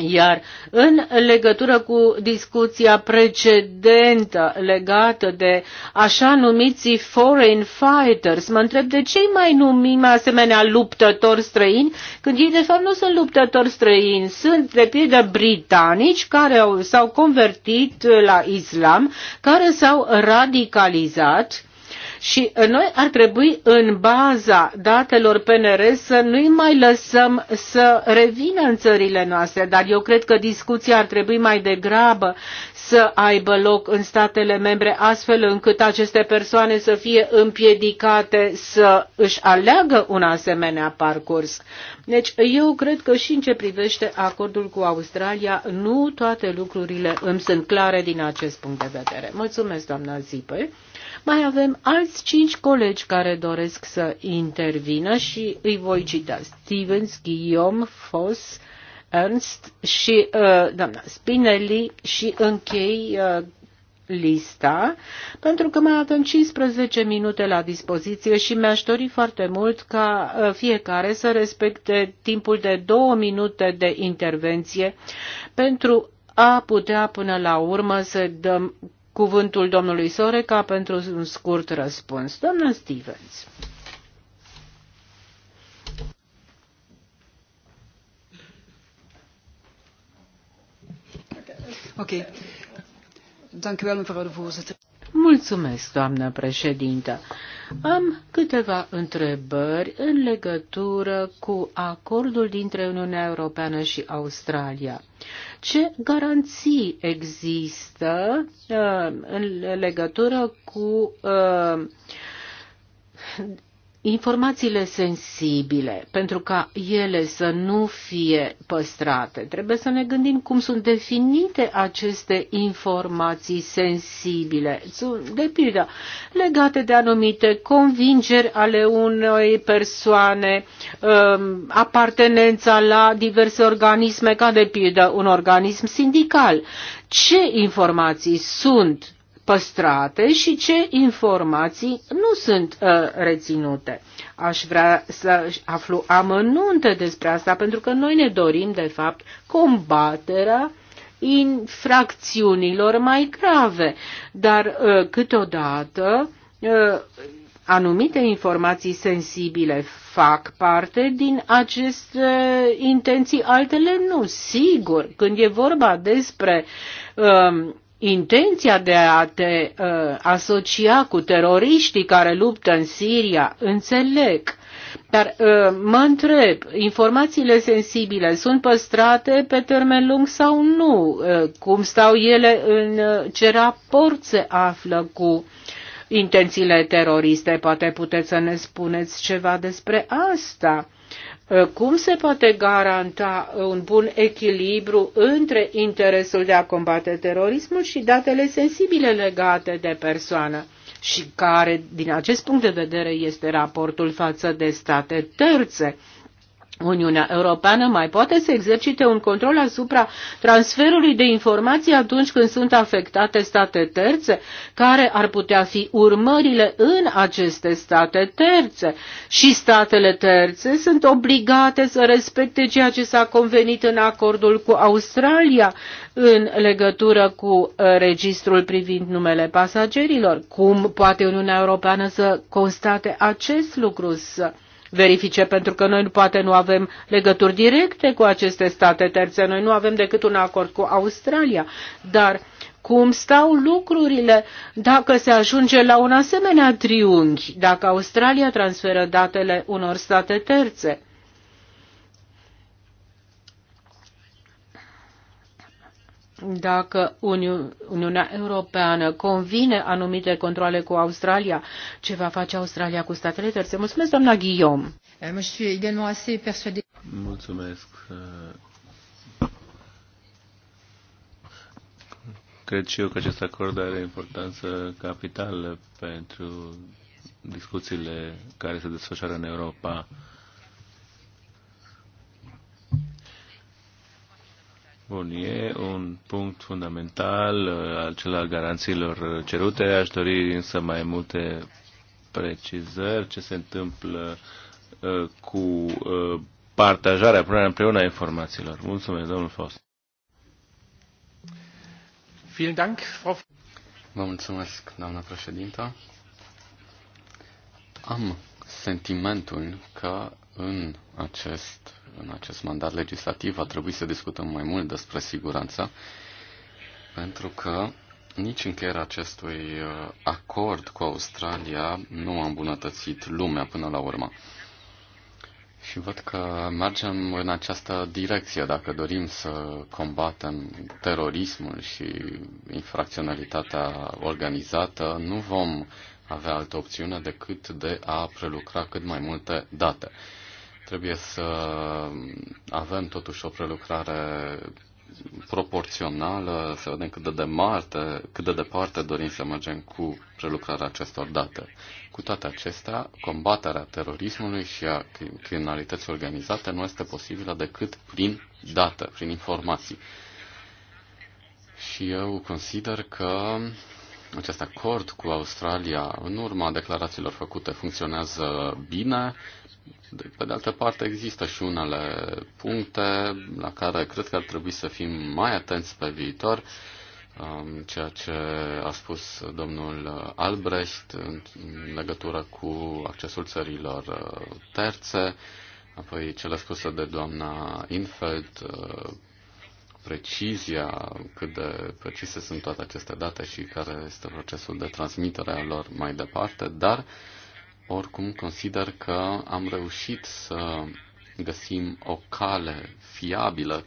Iar în legătură cu discuția precedentă legată de așa numiții foreign fighters, mă întreb de ce mai numim asemenea luptători străini, când ei de fapt nu sunt luptători străini, sunt de pildă britanici care s-au convertit la islam, care s-au radicalizat și uh, noi ar trebui, în baza datelor PNR, să nu-i mai lăsăm să revină în țările noastre, dar eu cred că discuția ar trebui mai degrabă să aibă loc în statele membre, astfel încât aceste persoane să fie împiedicate să își aleagă un asemenea parcurs. Deci, eu cred că și în ce privește acordul cu Australia, nu toate lucrurile îmi sunt clare din acest punct de vedere. Mulțumesc, doamna Zipe. Mai avem alți alți cinci colegi care doresc să intervină și îi voi cita. Stevens, Guillaume, Foss, Ernst și uh, doamna Spinelli și închei uh, lista, pentru că mai avem 15 minute la dispoziție și mi-aș dori foarte mult ca uh, fiecare să respecte timpul de două minute de intervenție pentru a putea până la urmă să dăm cuvântul domnului Soreca pentru un scurt răspuns. Doamna Stevens. Dank u wel, mevrouw de voorzitter. Mulțumesc, doamnă președintă. Am câteva întrebări în legătură cu acordul dintre Uniunea Europeană și Australia. Ce garanții există uh, în legătură cu uh, informațiile sensibile, pentru ca ele să nu fie păstrate, trebuie să ne gândim cum sunt definite aceste informații sensibile, Sunt de pildă, legate de anumite convingeri ale unei persoane, um, apartenența la diverse organisme, ca de pildă un organism sindical. Ce informații sunt păstrate și ce informații nu sunt uh, reținute. Aș vrea să aflu amănunte despre asta, pentru că noi ne dorim, de fapt, combaterea infracțiunilor mai grave, dar uh, câteodată uh, anumite informații sensibile fac parte din aceste intenții, altele nu. Sigur, când e vorba despre Uh, intenția de a te uh, asocia cu teroriștii care luptă în Siria, înțeleg. Dar uh, mă întreb, informațiile sensibile sunt păstrate pe termen lung sau nu? Uh, cum stau ele în uh, ce raport se află cu intențiile teroriste? Poate puteți să ne spuneți ceva despre asta. Ă, cum se poate garanta un bun echilibru între interesul de a combate terorismul și datele sensibile legate de persoană? și care, din acest punct de vedere, este raportul față de state terțe. Uniunea Europeană mai poate să exercite un control asupra transferului de informații atunci când sunt afectate state terțe, care ar putea fi urmările în aceste state terțe. Și statele terțe sunt obligate să respecte ceea ce s-a convenit în acordul cu Australia în legătură cu uh, registrul privind numele pasagerilor. Cum poate Uniunea Europeană să constate acest lucru? Să verifice, pentru că noi poate nu avem legături directe cu aceste state terțe, noi nu avem decât un acord cu Australia, dar cum stau lucrurile dacă se ajunge la un asemenea triunghi, dacă Australia transferă datele unor state terțe. dacă Uni Uniunea Europeană convine anumite controle cu Australia, ce va face Australia cu statele terțe? Mulțumesc, doamna Guillaume. Eh, Mulțumesc. Cred și eu că acest acord are importanță capitală pentru discuțiile care se desfășoară în Europa Bun, e un punct fundamental uh, al celor garanțiilor cerute. Aș dori însă mai multe precizări ce se întâmplă uh, cu uh, partajarea, punerea împreună a informațiilor. Mulțumesc, domnul Fost. Vielen Dank, Frau... Vă mulțumesc, doamna președintă. Am sentimentul că în acest, în acest mandat legislativ a trebuit să discutăm mai mult despre siguranță, pentru că nici încheierea acestui uh, acord cu Australia nu a îmbunătățit lumea până la urmă. Și văd că mergem în această direcție dacă dorim să combatem terorismul și infracționalitatea organizată. Nu vom avea altă opțiune decât de a prelucra cât mai multe date trebuie să avem totuși o prelucrare proporțională, să vedem cât de, marte, cât de departe dorim să mergem cu prelucrarea acestor date. Cu toate acestea, combaterea terorismului și a criminalității organizate nu este posibilă decât prin date, prin informații. Și eu consider că acest acord cu Australia, în urma declarațiilor făcute, funcționează bine. Pe de altă parte, există și unele puncte la care cred că ar trebui să fim mai atenți pe viitor, um, ceea ce a spus domnul Albrecht în legătură cu accesul țărilor uh, terțe, apoi cele spuse de doamna Infeld, uh, precizia, cât de precise sunt toate aceste date și care este procesul de transmitere a lor mai departe, dar oricum, consider că am reușit să găsim o cale fiabilă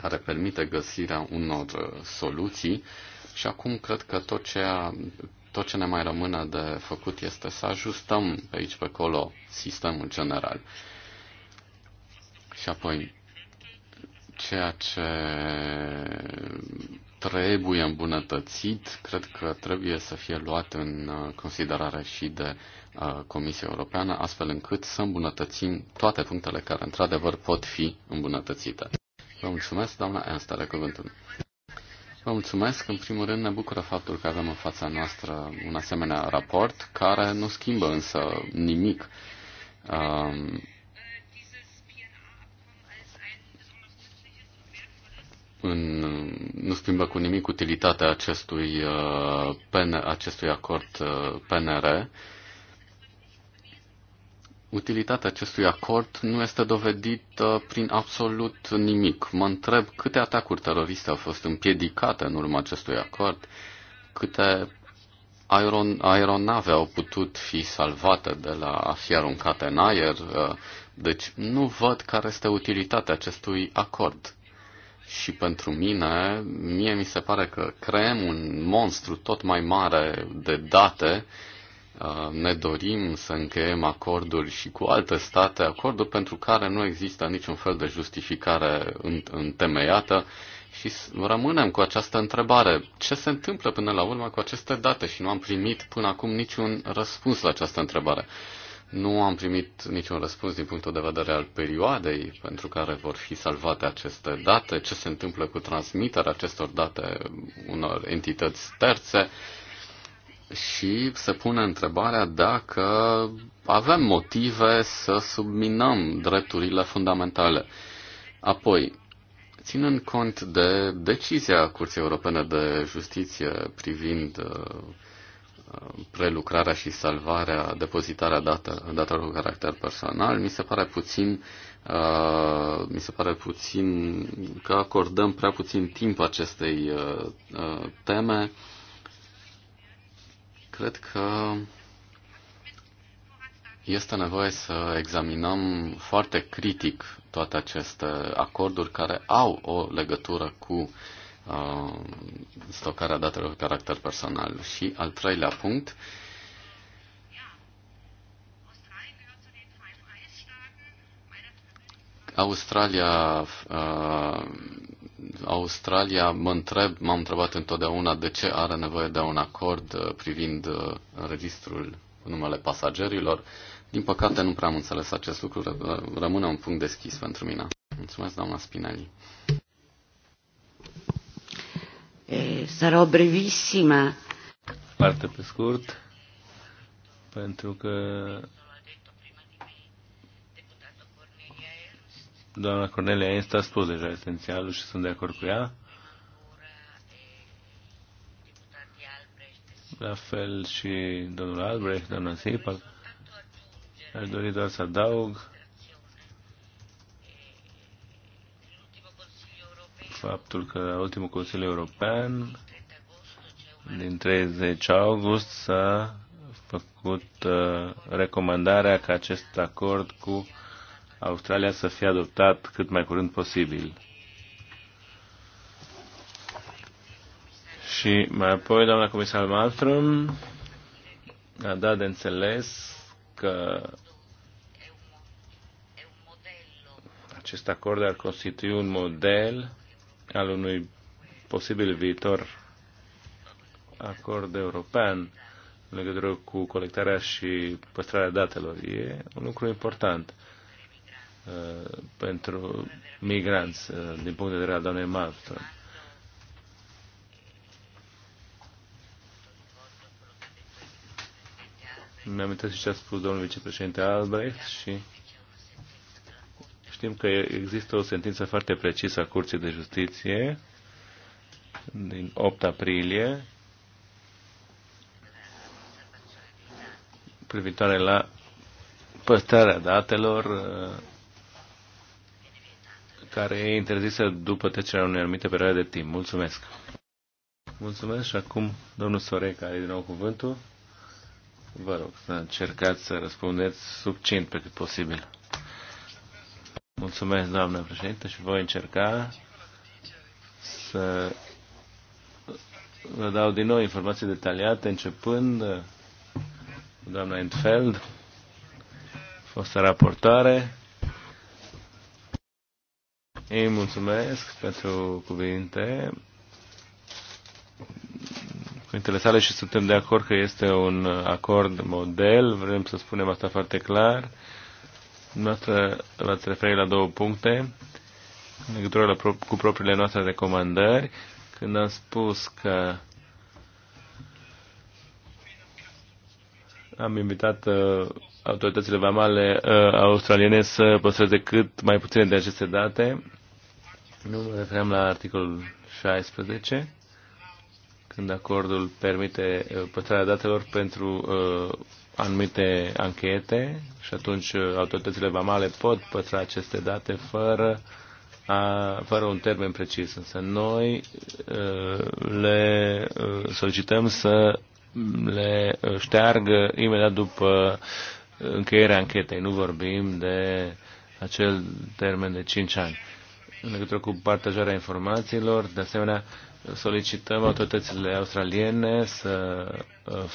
care permite găsirea unor uh, soluții și acum cred că tot ce, tot ce ne mai rămâne de făcut este să ajustăm pe aici pe acolo sistemul general. Și apoi, ceea ce trebuie îmbunătățit, cred că trebuie să fie luat în uh, considerare și de uh, Comisia Europeană, astfel încât să îmbunătățim toate punctele care, într-adevăr, pot fi îmbunătățite. Vă mulțumesc, doamna Ernst, ale cuvântul. Vă mulțumesc. În primul rând ne bucură faptul că avem în fața noastră un asemenea raport care nu schimbă însă nimic. Um, în, nu schimbă cu nimic utilitatea acestui, uh, PN, acestui acord uh, PNR Utilitatea acestui acord nu este dovedită prin absolut nimic. Mă întreb câte atacuri teroriste au fost împiedicate în urma acestui acord, câte aeron- aeronave au putut fi salvate de la a fi aruncate în aer. Deci nu văd care este utilitatea acestui acord. Și pentru mine, mie mi se pare că creăm un monstru tot mai mare de date Uh, ne dorim să încheiem acorduri și cu alte state, acorduri pentru care nu există niciun fel de justificare întemeiată și rămânem cu această întrebare. Ce se întâmplă până la urmă cu aceste date? Și nu am primit până acum niciun răspuns la această întrebare. Nu am primit niciun răspuns din punctul de vedere al perioadei pentru care vor fi salvate aceste date, ce se întâmplă cu transmiterea acestor date unor entități terțe, uh, și se pune întrebarea dacă avem motive să subminăm drepturile fundamentale. Apoi, ținând cont de decizia Curții Europene de Justiție privind uh, uh, prelucrarea și salvarea, depozitarea datelor cu caracter personal, mi se pare puțin uh, mi se pare puțin că acordăm prea puțin timp acestei uh, uh teme Cred că este nevoie să examinăm foarte critic toate aceste acorduri care au o legătură cu uh, stocarea datelor de caracter personal. Și al treilea punct, Australia uh, Australia, mă întreb, m-am întrebat întotdeauna de ce are nevoie de un acord uh, privind uh, registrul numele pasagerilor. Din păcate nu prea am înțeles acest lucru, uh, rămâne un punct deschis pentru mine. Mulțumesc, doamna Spinelli. Eh, sarò brevissima. Foarte pe scurt, pentru că Doamna Cornelia Enst a spus deja esențialul și sunt de acord cu ea. La fel și domnul Albrecht, doamna Sipa. Aș dori doar să adaug faptul că la ultimul Consiliu European din 30 august s-a făcut uh, recomandarea ca acest acord cu Australia să fie adoptat cât mai curând posibil. Și mai apoi, doamna comisar Malmström a dat de înțeles că acest acord ar constitui un model al unui posibil viitor acord european în legătură cu colectarea și păstrarea datelor. E un lucru important. Uh, pentru migranți, uh, din punct de vedere al doamnei Martă. Mi-am și ce a spus domnul vicepreședinte Albrecht și știm că există o sentință foarte precisă a Curții de Justiție din 8 aprilie privitoare la păstrarea datelor uh, care e interzisă după trecerea unei anumite perioade de timp. Mulțumesc! Mulțumesc și acum domnul care are din nou cuvântul. Vă rog să încercați să răspundeți subțint pe cât posibil. Mulțumesc, doamnă președinte, și voi încerca să vă dau din nou informații detaliate, începând cu doamna Entfeld, fostă raportoare, ei mulțumesc pentru cuvinte. Cuvintele sale și suntem de acord că este un acord model, vrem să spunem asta foarte clar. Noastră v-ați referit la două puncte în legătură la pro- cu propriile noastre recomandări, când am spus că am invitat uh, autoritățile vamale uh, australiene să păstreze cât mai puține de aceste date nu mă refeream la articolul 16, când acordul permite uh, păstrarea datelor pentru uh, anumite anchete și atunci uh, autoritățile vamale pot păstra aceste date fără, a, fără un termen precis. Însă noi uh, le uh, solicităm să le uh, șteargă imediat după încheierea anchetei. Nu vorbim de acel termen de 5 ani în legătură cu partajarea informațiilor. De asemenea, solicităm autoritățile australiene să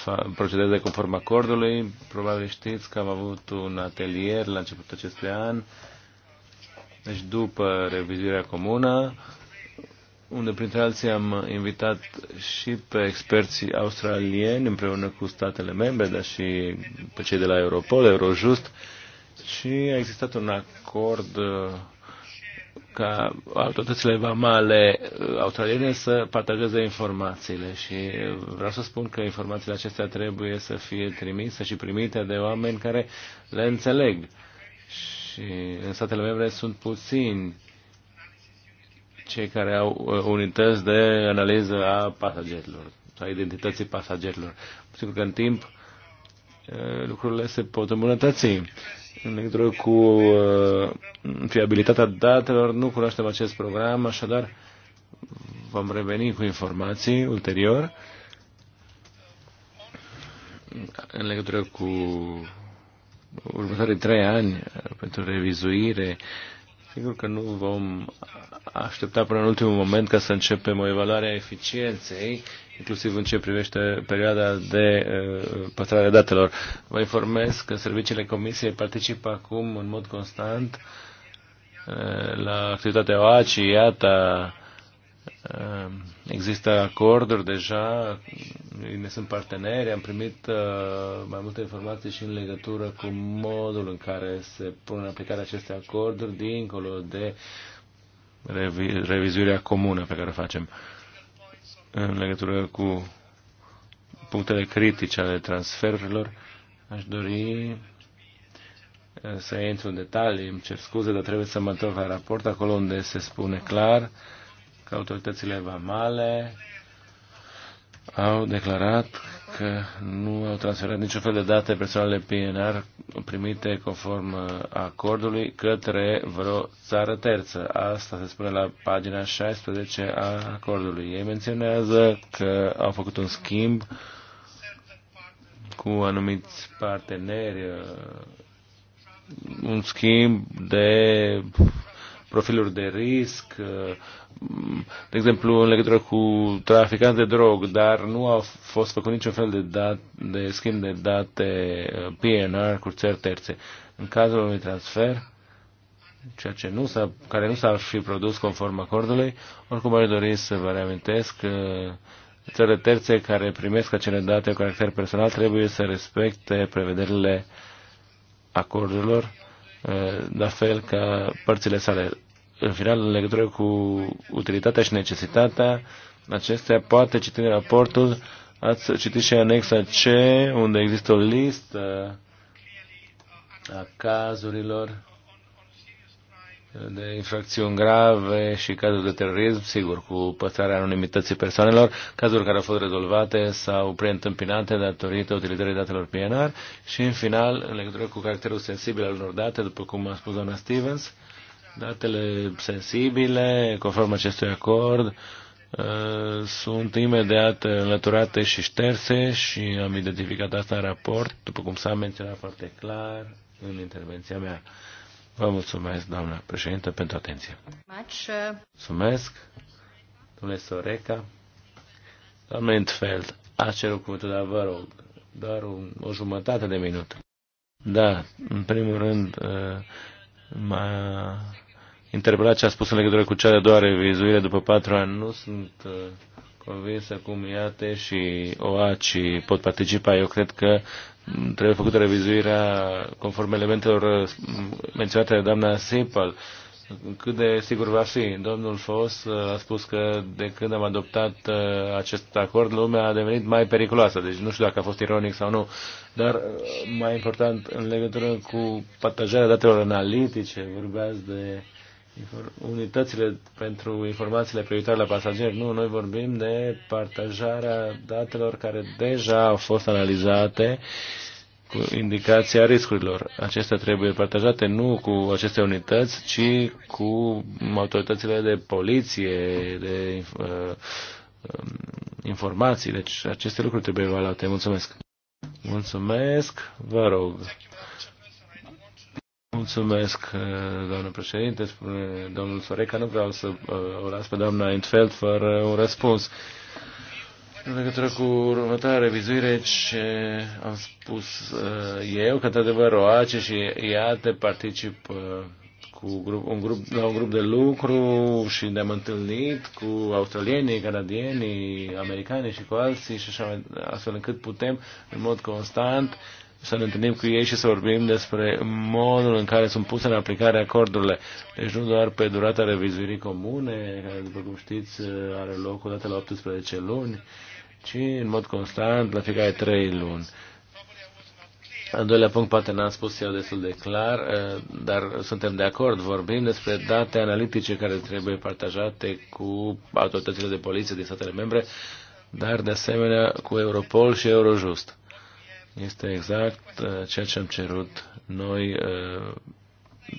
uh, procedeze conform acordului. Probabil știți că am avut un atelier la începutul acestui an, deci după revizuirea comună, unde printre alții am invitat și pe experții australieni împreună cu statele membre, dar și pe cei de la Europol, Eurojust, și a existat un acord uh, ca autoritățile vamale uh, australiene să partajeze informațiile și vreau să spun că informațiile acestea trebuie să fie trimise și primite de oameni care le înțeleg. Și în statele membre sunt puțini cei care au uh, unități de analiză a pasagerilor, a identității pasagerilor. Sigur că în timp uh, lucrurile se pot îmbunătăți în legătură cu uh, fiabilitatea datelor. Nu cunoaștem acest program, așadar vom reveni cu informații ulterior în legătură cu următorii trei ani pentru revizuire. Sigur că nu vom aștepta până în ultimul moment ca să începem o evaluare a eficienței inclusiv în ce privește perioada de uh, păstrare datelor. Vă informez că serviciile Comisiei participă acum în mod constant uh, la activitatea OACI, IATA, uh, există acorduri deja, ne sunt parteneri, am primit mai multe informații și în legătură cu modul în care se pun în aplicare aceste acorduri, dincolo de revizuirea comună pe care o facem în legătură cu punctele critice ale transferurilor, aș dori eh, să intru în detalii, îmi cer scuze, dar trebuie să mă întorc la raport, acolo unde se spune clar că autoritățile vamale au declarat că nu au transferat niciun fel de date personale PNR primite conform uh, acordului către vreo țară terță. Asta se spune la pagina 16 a acordului. Ei menționează că au făcut un schimb cu anumiți parteneri, uh, un schimb de profiluri de risc, uh, de exemplu în legătură cu traficanți de drog, dar nu a fost făcut niciun fel de, dat, de schimb de date uh, PNR cu țări terțe. În cazul unui transfer, ceea ce nu s-a, care nu s-ar fi produs conform acordului, oricum aș dori să vă reamintesc că țările terțe care primesc acele date cu caracter personal trebuie să respecte prevederile acordurilor Eh, la fel ca părțile sale. În final, în legătură cu utilitatea și necesitatea acestea, poate citi raportul, ați citit și anexa C, unde există o listă a cazurilor de infracțiuni grave și cazuri de terorism, sigur, cu păstrarea anonimității persoanelor, cazuri care au fost rezolvate sau preîntâmpinate datorită utilizării datelor PNR și, în final, în legătură cu caracterul sensibil al unor date, după cum a spus doamna Stevens, datele sensibile, conform acestui acord, uh, sunt imediat înlăturate și șterse și am identificat asta în raport, după cum s-a menționat foarte clar în intervenția mea. Vă mulțumesc, doamna președintă, pentru atenție. Uh, mulțumesc, domnule Soreca. Doamna Entfeld, a cerut cuvântul, dar vă rog, doar un, o jumătate de minut. Da, în primul rând, uh, m-a interpelat ce a spus în legătură cu cea de-a doua revizuire după patru ani. Nu sunt uh, convinsă cum IATE și OACI pot participa. Eu cred că trebuie făcută revizuirea conform elementelor menționate de doamna Sipal. Cât de sigur va fi? Domnul Fos a spus că de când am adoptat uh, acest acord, lumea a devenit mai periculoasă. Deci nu știu dacă a fost ironic sau nu, dar uh, mai important, în legătură cu partajarea datelor analitice, vorbeați de unitățile pentru informațiile privitoare la pasageri. Nu, noi vorbim de partajarea datelor care deja au fost analizate cu indicația riscurilor. Acestea trebuie partajate nu cu aceste unități, ci cu autoritățile de poliție, de uh, um, informații. Deci aceste lucruri trebuie evaluate. Mulțumesc! Mulțumesc! Vă rog! Mulțumesc, eh, doamnă președinte, spune domnul Soreca. Nu vreau să eh, o las pe doamna Intfeld fără un răspuns. În legătură cu următoarea revizuire, ce am spus eh, eu, că într-adevăr OACE și IATE participă cu grup, un grup, la un grup de lucru și ne-am întâlnit cu australienii, canadienii, americanii și cu alții și așa, astfel încât putem în mod constant să ne întâlnim cu ei și să vorbim despre modul în care sunt puse în aplicare acordurile. Deci nu doar pe durata revizuirii comune, care, după cum știți, are loc o dată la 18 luni, ci în mod constant la fiecare 3 luni. Al doilea punct, poate n-am spus eu destul de clar, eh, dar suntem de acord. Vorbim despre date analitice care trebuie partajate cu autoritățile de poliție din statele membre, dar de asemenea cu Europol și Eurojust. Este exact uh, ceea ce am cerut noi uh,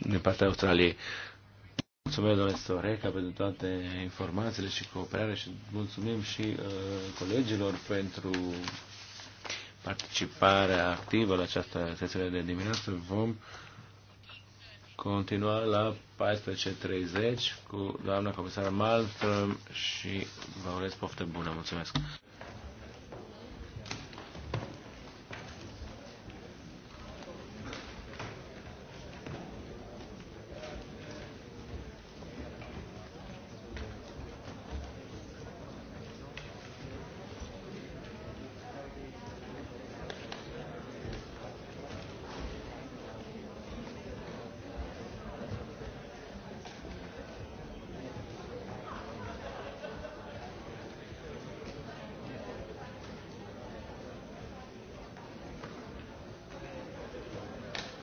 din partea Australiei. Mulțumesc, domnule Soreca, pentru toate informațiile și cooperarea și mulțumim și uh, colegilor pentru participarea activă la această sesiune de dimineață. Vom continua la 14.30 cu doamna comisară Malmström și vă urez poftă bună. Mulțumesc!